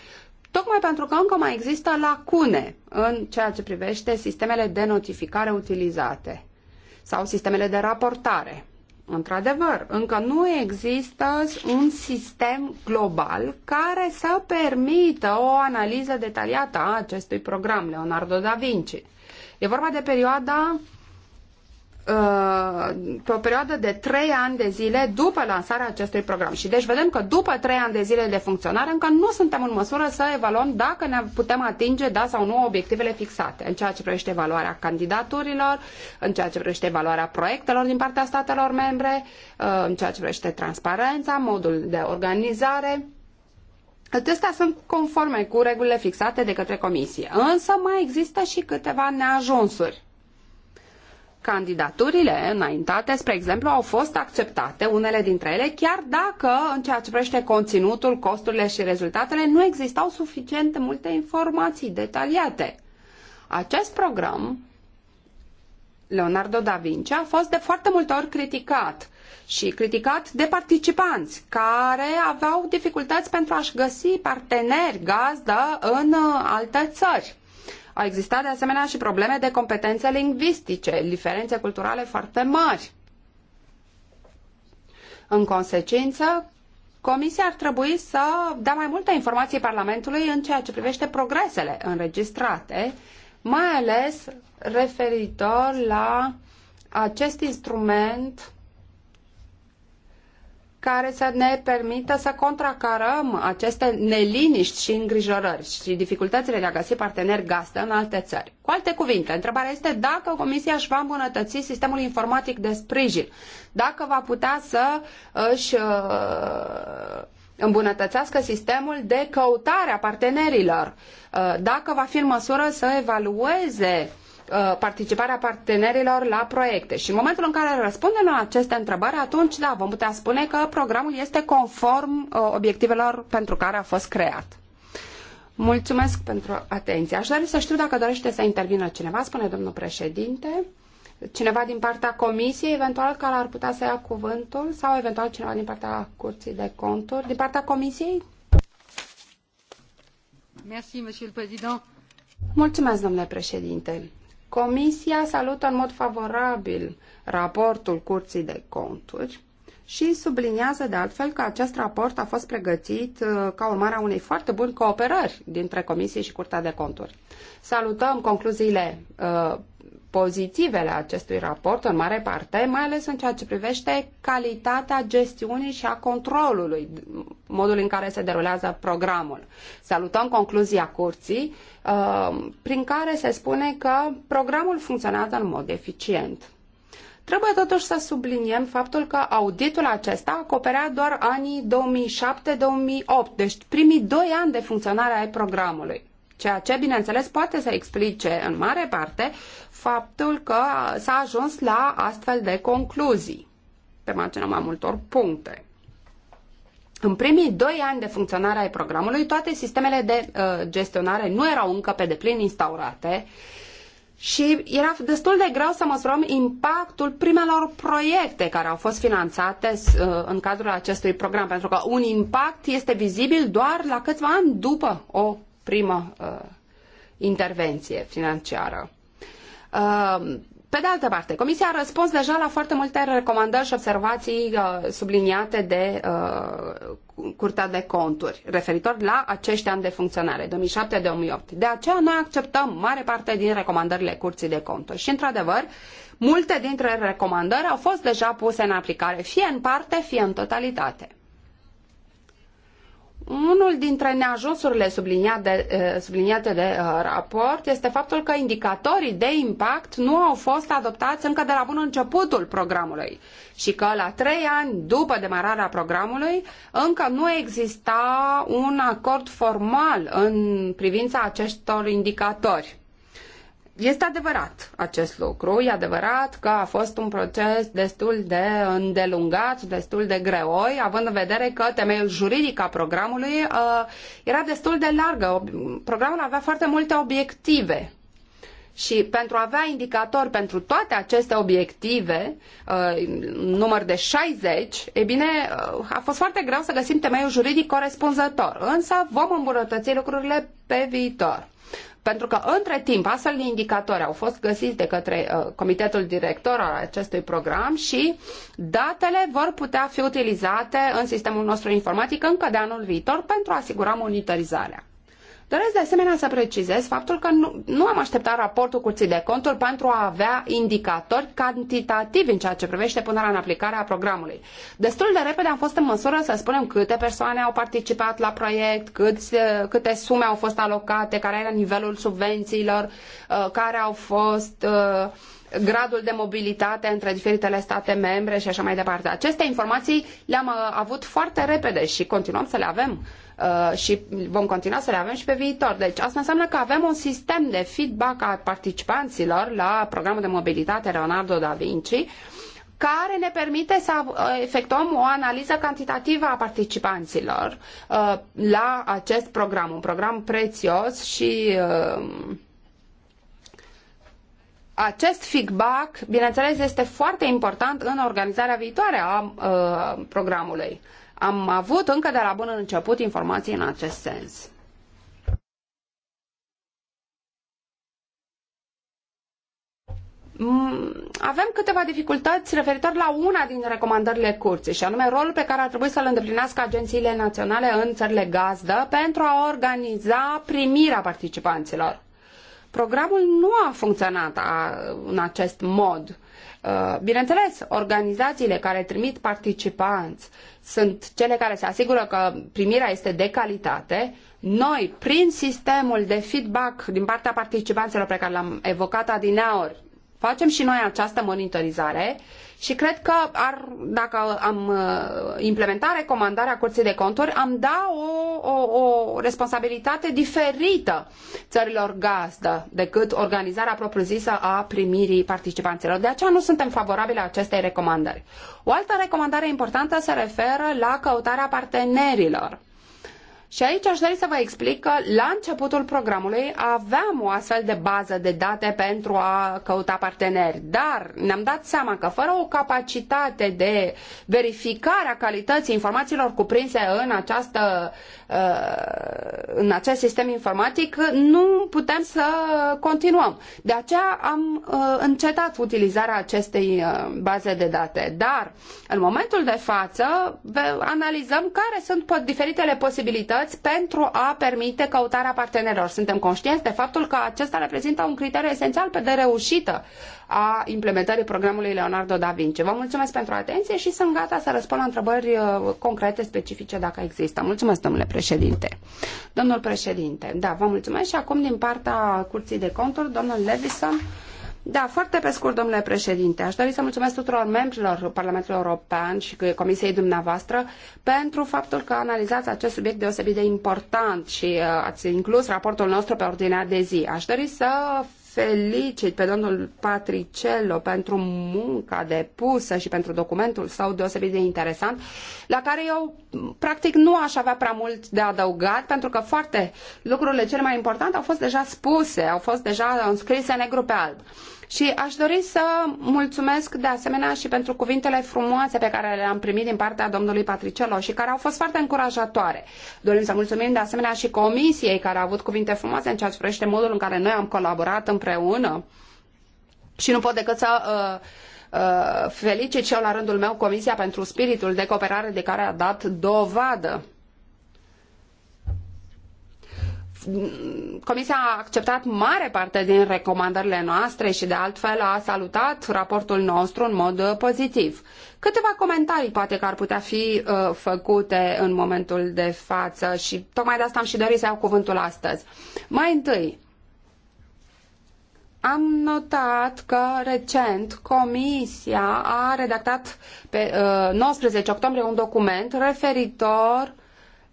Tocmai pentru că încă mai există lacune în ceea ce privește sistemele de notificare utilizate sau sistemele de raportare. Într-adevăr, încă nu există un sistem global care să permită o analiză detaliată a acestui program, Leonardo da Vinci. E vorba de perioada Uh, pe o perioadă de trei ani de zile după lansarea acestui program. Și deci vedem că după trei ani de zile de funcționare încă nu suntem în măsură să evaluăm dacă ne putem atinge, da sau nu, obiectivele fixate în ceea ce privește evaluarea candidaturilor, în ceea ce privește evaluarea proiectelor din partea statelor membre, uh, în ceea ce privește transparența, modul de organizare. Acestea sunt conforme cu regulile fixate de către Comisie. Însă mai există și câteva neajunsuri Candidaturile înaintate, spre exemplu, au fost acceptate, unele dintre ele, chiar dacă, în ceea ce privește conținutul, costurile și rezultatele, nu existau suficient multe informații detaliate. Acest program, Leonardo da Vinci, a fost de foarte multe ori criticat și criticat de participanți care aveau dificultăți pentru a-și găsi parteneri gazdă în uh, alte țări. Au existat de asemenea și probleme de competențe lingvistice, diferențe culturale foarte mari. În consecință, Comisia ar trebui să dea mai multe informații Parlamentului în ceea ce privește progresele înregistrate, mai ales referitor la acest instrument care să ne permită să contracarăm aceste neliniști și îngrijorări și dificultățile de a găsi parteneri gazdă în alte țări. Cu alte cuvinte, întrebarea este dacă Comisia își va îmbunătăți sistemul informatic de sprijin, dacă va putea să își uh, îmbunătățească sistemul de căutare a partenerilor, uh, dacă va fi în măsură să evalueze Uh, participarea partenerilor la proiecte. Și în momentul în care răspundem la aceste întrebări, atunci, da, vom putea spune că programul este conform uh, obiectivelor pentru care a fost creat. Mulțumesc pentru atenție. Aș dori să știu dacă dorește să intervină cineva, spune domnul președinte. Cineva din partea comisiei, eventual, care ar putea să ia cuvântul, sau eventual cineva din partea curții de conturi, din partea comisiei? Mulțumesc, domnule președinte. Comisia salută în mod favorabil raportul Curții de Conturi și subliniază de altfel că acest raport a fost pregătit uh, ca urmare a unei foarte buni cooperări dintre Comisie și Curtea de Conturi. Salutăm concluziile uh, pozitivele acestui raport, în mare parte, mai ales în ceea ce privește calitatea gestiunii și a controlului, modul în care se derulează programul. Salutăm concluzia curții, uh, prin care se spune că programul funcționează în mod eficient. Trebuie totuși să subliniem faptul că auditul acesta acoperea doar anii 2007-2008, deci primii doi ani de funcționare ai programului ceea ce, bineînțeles, poate să explice în mare parte faptul că s-a ajuns la astfel de concluzii pe marginea mai multor puncte. În primii doi ani de funcționare ai programului, toate sistemele de uh, gestionare nu erau încă pe deplin instaurate și era destul de greu să măsurăm impactul primelor proiecte care au fost finanțate uh, în cadrul acestui program, pentru că un impact este vizibil doar la câțiva ani după o primă uh, intervenție financiară. Ehm, pe de altă parte, Comisia a răspuns deja la foarte multe recomandări și observații uh, subliniate de uh, Curtea de Conturi referitor la acești ani de funcționare, 2007-2008. De aceea noi acceptăm mare parte din recomandările Curții de Conturi și, într-adevăr, multe dintre recomandări au fost deja puse în aplicare, fie în parte, fie în totalitate. Unul dintre neajunsurile subliniate de, eh, subliniate de eh, raport este faptul că indicatorii de impact nu au fost adoptați încă de la bun începutul programului și că la trei ani după demararea programului încă nu exista un acord formal în privința acestor indicatori. Este adevărat acest lucru, e adevărat că a fost un proces destul de îndelungat, destul de greoi, având în vedere că temeiul juridic al programului uh, era destul de largă. Programul avea foarte multe obiective și pentru a avea indicatori pentru toate aceste obiective, uh, număr de 60, e bine, uh, a fost foarte greu să găsim temeiul juridic corespunzător, însă vom îmbunătăți lucrurile pe viitor. Pentru că, între timp, astfel de indicatori au fost găsiți de către uh, comitetul director al acestui program și datele vor putea fi utilizate în sistemul nostru informatic încă de anul viitor pentru a asigura monitorizarea. Doresc de asemenea să precizez faptul că nu, nu am așteptat raportul Curții de Conturi pentru a avea indicatori cantitativi în ceea ce privește punerea în aplicare a programului. Destul de repede am fost în măsură să spunem câte persoane au participat la proiect, uh, câte sume au fost alocate, care era nivelul subvențiilor, uh, care au fost uh, gradul de mobilitate între diferitele state membre și așa mai departe. Aceste informații le-am avut foarte repede și continuăm să le avem Uh, și vom continua să le avem și pe viitor. Deci asta înseamnă că avem un sistem de feedback a participanților la programul de mobilitate Leonardo da Vinci care ne permite să efectuăm o analiză cantitativă a participanților uh, la acest program, un program prețios și uh, acest feedback, bineînțeles, este foarte important în organizarea viitoare a uh, programului am avut încă de la bun început informații în acest sens. Mm, avem câteva dificultăți referitor la una din recomandările curții, și anume rolul pe care ar trebui să-l îndeplinească agențiile naționale în țările gazdă pentru a organiza primirea participanților. Programul nu a funcționat în acest mod Uh, bineînțeles, organizațiile care trimit participanți sunt cele care se asigură că primirea este de calitate. Noi, prin sistemul de feedback din partea participanților pe care l-am evocat adineaori, Facem și noi această monitorizare și cred că ar, dacă am uh, implementa recomandarea Curții de Conturi, am da o, o, o responsabilitate diferită țărilor gazdă decât organizarea propriu-zisă a primirii participanților. De aceea nu suntem favorabili acestei recomandări. O altă recomandare importantă se referă la căutarea partenerilor. Și aici aș dori să vă explic că la începutul programului aveam o astfel de bază de date pentru a căuta parteneri, dar ne-am dat seama că fără o capacitate de verificare a calității informațiilor cuprinse în, această, uh, în acest sistem informatic, nu putem să continuăm. De aceea am uh, încetat utilizarea acestei uh, baze de date. Dar, în momentul de față, analizăm care sunt diferitele posibilități priorități pentru a permite căutarea partenerilor. Suntem conștienți de faptul că acesta reprezintă un criteriu esențial de reușită a implementării programului Leonardo da Vinci. Vă mulțumesc pentru atenție și sunt gata să răspund la întrebări uh, concrete, specifice, dacă există. Mulțumesc, domnule președinte. Domnul președinte, da, vă mulțumesc și acum din partea Curții de Conturi, domnul Levison, da, foarte pe scurt, domnule președinte, aș dori să mulțumesc tuturor membrilor Parlamentului European și Comisiei dumneavoastră pentru faptul că analizați acest subiect deosebit de important și uh, ați inclus raportul nostru pe ordinea de zi. Aș dori să felicit pe domnul Patricello pentru munca depusă și pentru documentul său deosebit de interesant, la care eu practic nu aș avea prea mult de adăugat, pentru că foarte lucrurile cele mai importante au fost deja spuse, au fost deja înscrise negru pe alb. Și aș dori să mulțumesc de asemenea și pentru cuvintele frumoase pe care le-am primit din partea domnului Patricello și care au fost foarte încurajatoare. Dorim să mulțumim de asemenea și comisiei care a avut cuvinte frumoase în ceea ce privește modul în care noi am colaborat împreună. Și nu pot decât să uh, uh, felicit și eu la rândul meu comisia pentru spiritul de cooperare de care a dat dovadă. Comisia a acceptat mare parte din recomandările noastre și de altfel a salutat raportul nostru în mod uh, pozitiv. Câteva comentarii poate că ar putea fi uh, făcute în momentul de față și tocmai de asta am și dorit să iau cuvântul astăzi. Mai întâi, am notat că recent Comisia a redactat pe uh, 19 octombrie un document referitor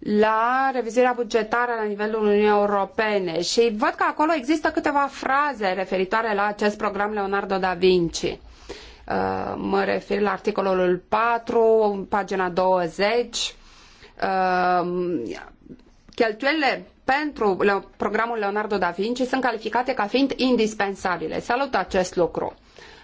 la revizuirea bugetară la nivelul Uniunii Europene și văd că acolo există câteva fraze referitoare la acest program Leonardo da Vinci. Uh, mă refer la articolul 4, pagina 20. Uh, cheltuielile pentru programul Leonardo da Vinci sunt calificate ca fiind indispensabile. Salut acest lucru.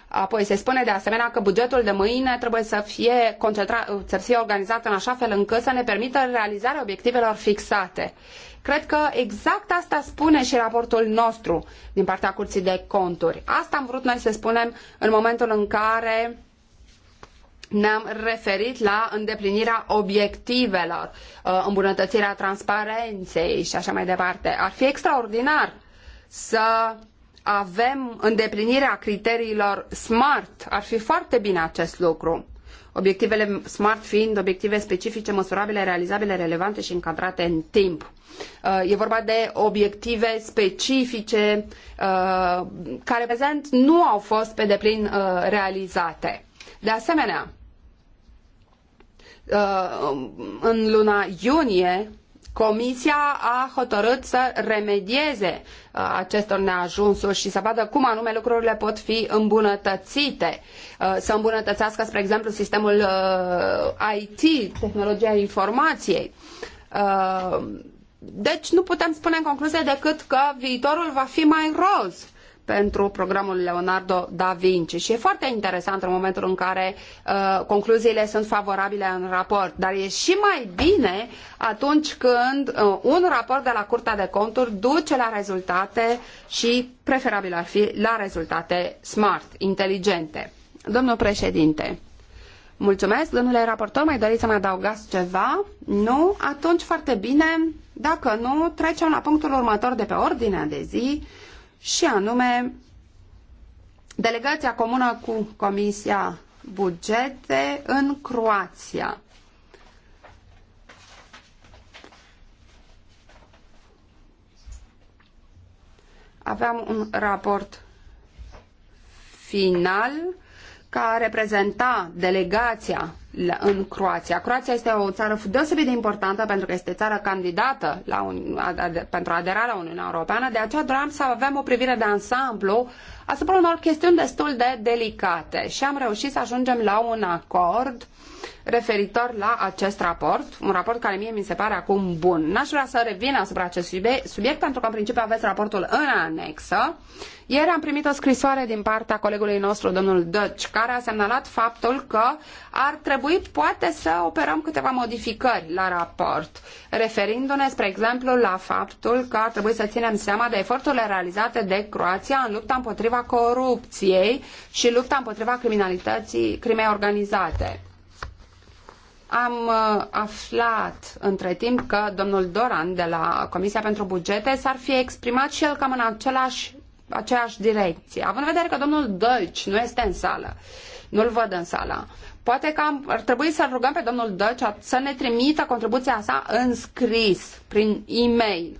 Apoi se spune de asemenea că bugetul de mâine trebuie să fie, concentrat, să fie organizat în așa fel încât să ne permită realizarea obiectivelor fixate. Cred că exact asta spune și raportul nostru din partea Curții de Conturi. Asta am vrut noi să spunem în momentul în care ne-am referit la îndeplinirea obiectivelor, uh, îmbunătățirea transparenței și așa mai departe. Ar fi extraordinar să avem îndeplinirea criteriilor SMART. Ar fi foarte bine acest lucru. Obiectivele SMART fiind obiective specifice, măsurabile, realizabile, relevante și încadrate în timp. Uh, e vorba de obiective specifice uh, care prezent nu au fost pe deplin uh, realizate. De asemenea, în luna iunie Comisia a hotărât să remedieze uh, acestor neajunsuri și să vadă cum anume lucrurile pot fi îmbunătățite, uh, să îmbunătățească, spre exemplu, sistemul uh, IT, tehnologia informației. Deci nu putem spune în concluzie decât că viitorul va fi mai roz pentru programul Leonardo da Vinci și e foarte interesant în momentul în care uh, concluziile sunt favorabile în raport, dar e și mai bine atunci când uh, un raport de la Curtea de Conturi duce la rezultate și preferabil ar fi la rezultate smart, inteligente. Domnul președinte, mulțumesc. Domnule raportor, mai doriți să mai adaugați ceva? Nu? Atunci foarte bine. Dacă nu, trecem la punctul următor de pe ordinea de zi și anume delegația comună cu Comisia Bugete în Croația. Aveam un raport final care reprezenta delegația în Croația. Croația este o țară deosebit de importantă pentru că este țară candidată la un, ad, pentru aderarea la Uniunea Europeană, de aceea doream să avem o privire de ansamblu asupra unor chestiuni destul de delicate și am reușit să ajungem la un acord uh, referitor la acest raport, un raport care mie mi se pare acum bun. N-aș vrea să revin asupra acestui subiect, pentru că în principiu aveți raportul în anexă. Ieri am primit o scrisoare din partea colegului nostru, domnul Dăci, care a semnalat faptul că ar trebui poate să operăm câteva modificări la raport, referindu-ne, spre exemplu, la faptul că ar trebui să ținem seama de eforturile realizate de Croația în lupta împotriva corupției și lupta împotriva criminalității, crimei organizate. Am uh, aflat între timp că domnul Doran de la Comisia pentru Bugete s-ar fi exprimat și el cam în același, aceeași direcție. Având în vedere că domnul Dălci nu este în sală, nu-l văd în sală, poate că ar trebui să-l rugăm pe domnul Dălci să ne trimită contribuția sa în scris, prin e-mail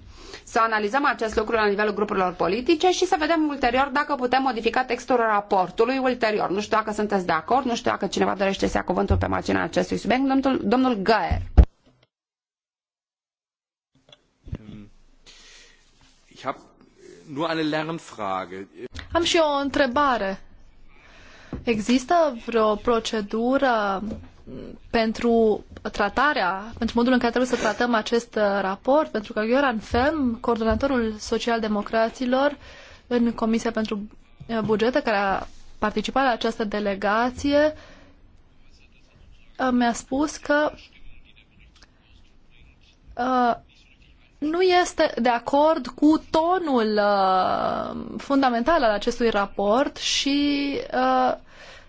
să analizăm acest lucru la nivelul grupurilor politice și să vedem ulterior dacă putem modifica textul raportului ulterior. Nu știu dacă sunteți de acord, nu știu dacă cineva dorește să ia cuvântul pe marginea acestui subiect. Domnul, domnul Găer. Um, Am și eu o întrebare. Există vreo procedură pentru tratarea, pentru modul în care trebuie să tratăm acest uh, raport, pentru că Ioran Fem, coordonatorul social-democraților în Comisia pentru uh, Bugete, care a participat la această delegație, uh, mi-a spus că uh, nu este de acord cu tonul uh, fundamental al acestui raport și uh,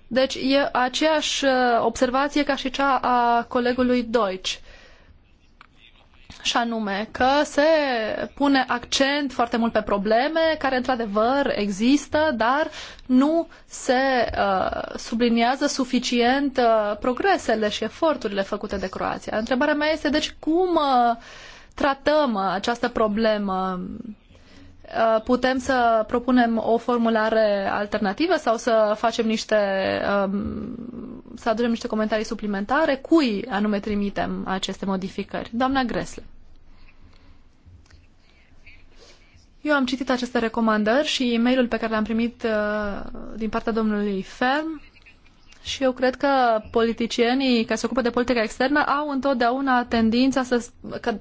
deci e aceeași uh, observație ca și cea a colegului Deutsch. Și anume că se pune accent foarte mult pe probleme care într-adevăr există, dar nu se uh, subliniază suficient uh, progresele și eforturile făcute de Croația. Întrebarea mea este deci cum uh, tratăm această problemă Uh, putem să propunem o formulare alternativă sau să facem niște um, să aducem niște comentarii suplimentare cui anume trimitem aceste modificări. Doamna Gresle. Eu am citit aceste recomandări și e-mailul pe care l-am primit uh, din partea domnului Ferm și eu cred că politicienii care se ocupă de politica externă au întotdeauna tendința să, că,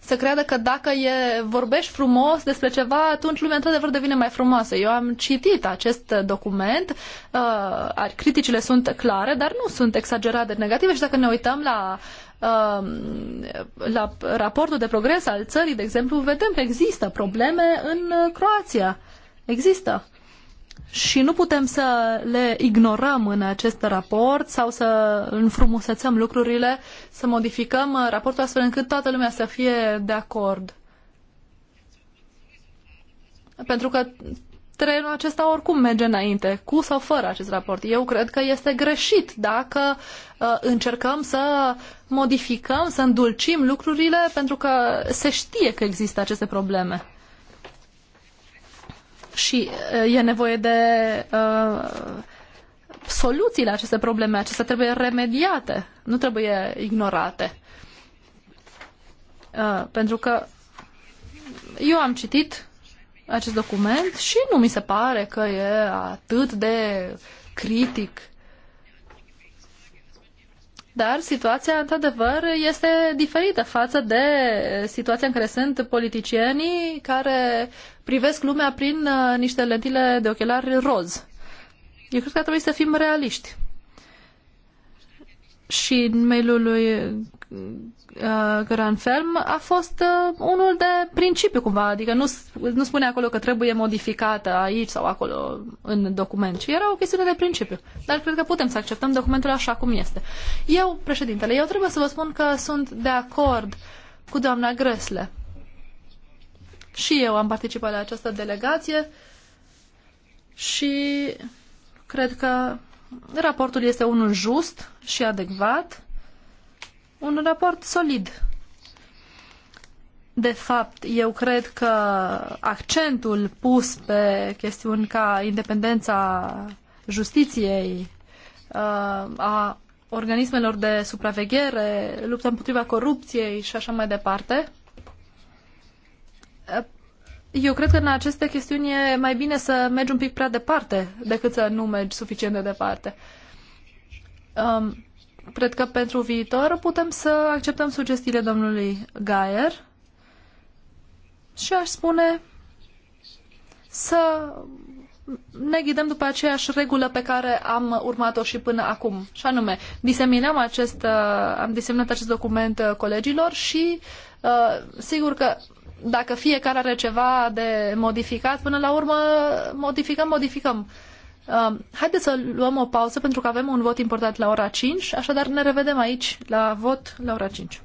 să creadă că dacă e, vorbești frumos despre ceva, atunci lumea într-adevăr devine mai frumoasă. Eu am citit acest document, uh, criticile sunt clare, dar nu sunt exagerate negative și dacă ne uităm la uh, la raportul de progres al țării, de exemplu, vedem că există probleme în Croația. Există și nu putem să le ignorăm în acest raport sau să înfrumusețăm lucrurile, să modificăm uh, raportul astfel încât toată lumea să fie de acord. Pentru că trenul acesta oricum merge înainte, cu sau fără acest raport. Eu cred că este greșit dacă uh, încercăm să modificăm, să îndulcim lucrurile pentru că se știe că există aceste probleme și uh, e nevoie de uh, soluții la aceste probleme. Acestea trebuie remediate, nu trebuie ignorate. Uh, pentru că eu am citit acest document și nu mi se pare că e atât de critic dar situația, într-adevăr, este diferită față de situația în care sunt politicienii care privesc lumea prin uh, niște lentile de ochelari roz. Eu cred că ar trebui să fim realiști și în mailul lui uh, Grand Ferm a fost uh, unul de principiu cumva, adică nu, nu spune acolo că trebuie modificată aici sau acolo în document, ci era o chestiune de principiu. Dar cred că putem să acceptăm documentul așa cum este. Eu, președintele, eu trebuie să vă spun că sunt de acord cu doamna Grăsle. Și eu am participat la această delegație și cred că Raportul este unul just și adecvat, un raport solid. De fapt, eu cred că accentul pus pe chestiuni ca independența justiției, uh, a organismelor de supraveghere, lupta împotriva corupției și așa mai departe, eu cred că în aceste chestiuni e mai bine să mergi un pic prea departe decât să nu mergi suficient de departe. Um, cred că pentru viitor putem să acceptăm sugestiile domnului Gaier și aș spune să ne ghidăm după aceeași regulă pe care am urmat-o și până acum. Și anume, diseminăm acest, uh, am diseminat acest document uh, colegilor și uh, sigur că dacă fiecare are ceva de modificat, până la urmă modificăm, modificăm. Um, haideți să luăm o pauză pentru că avem un vot important la ora 5, așadar ne revedem aici la vot la ora 5.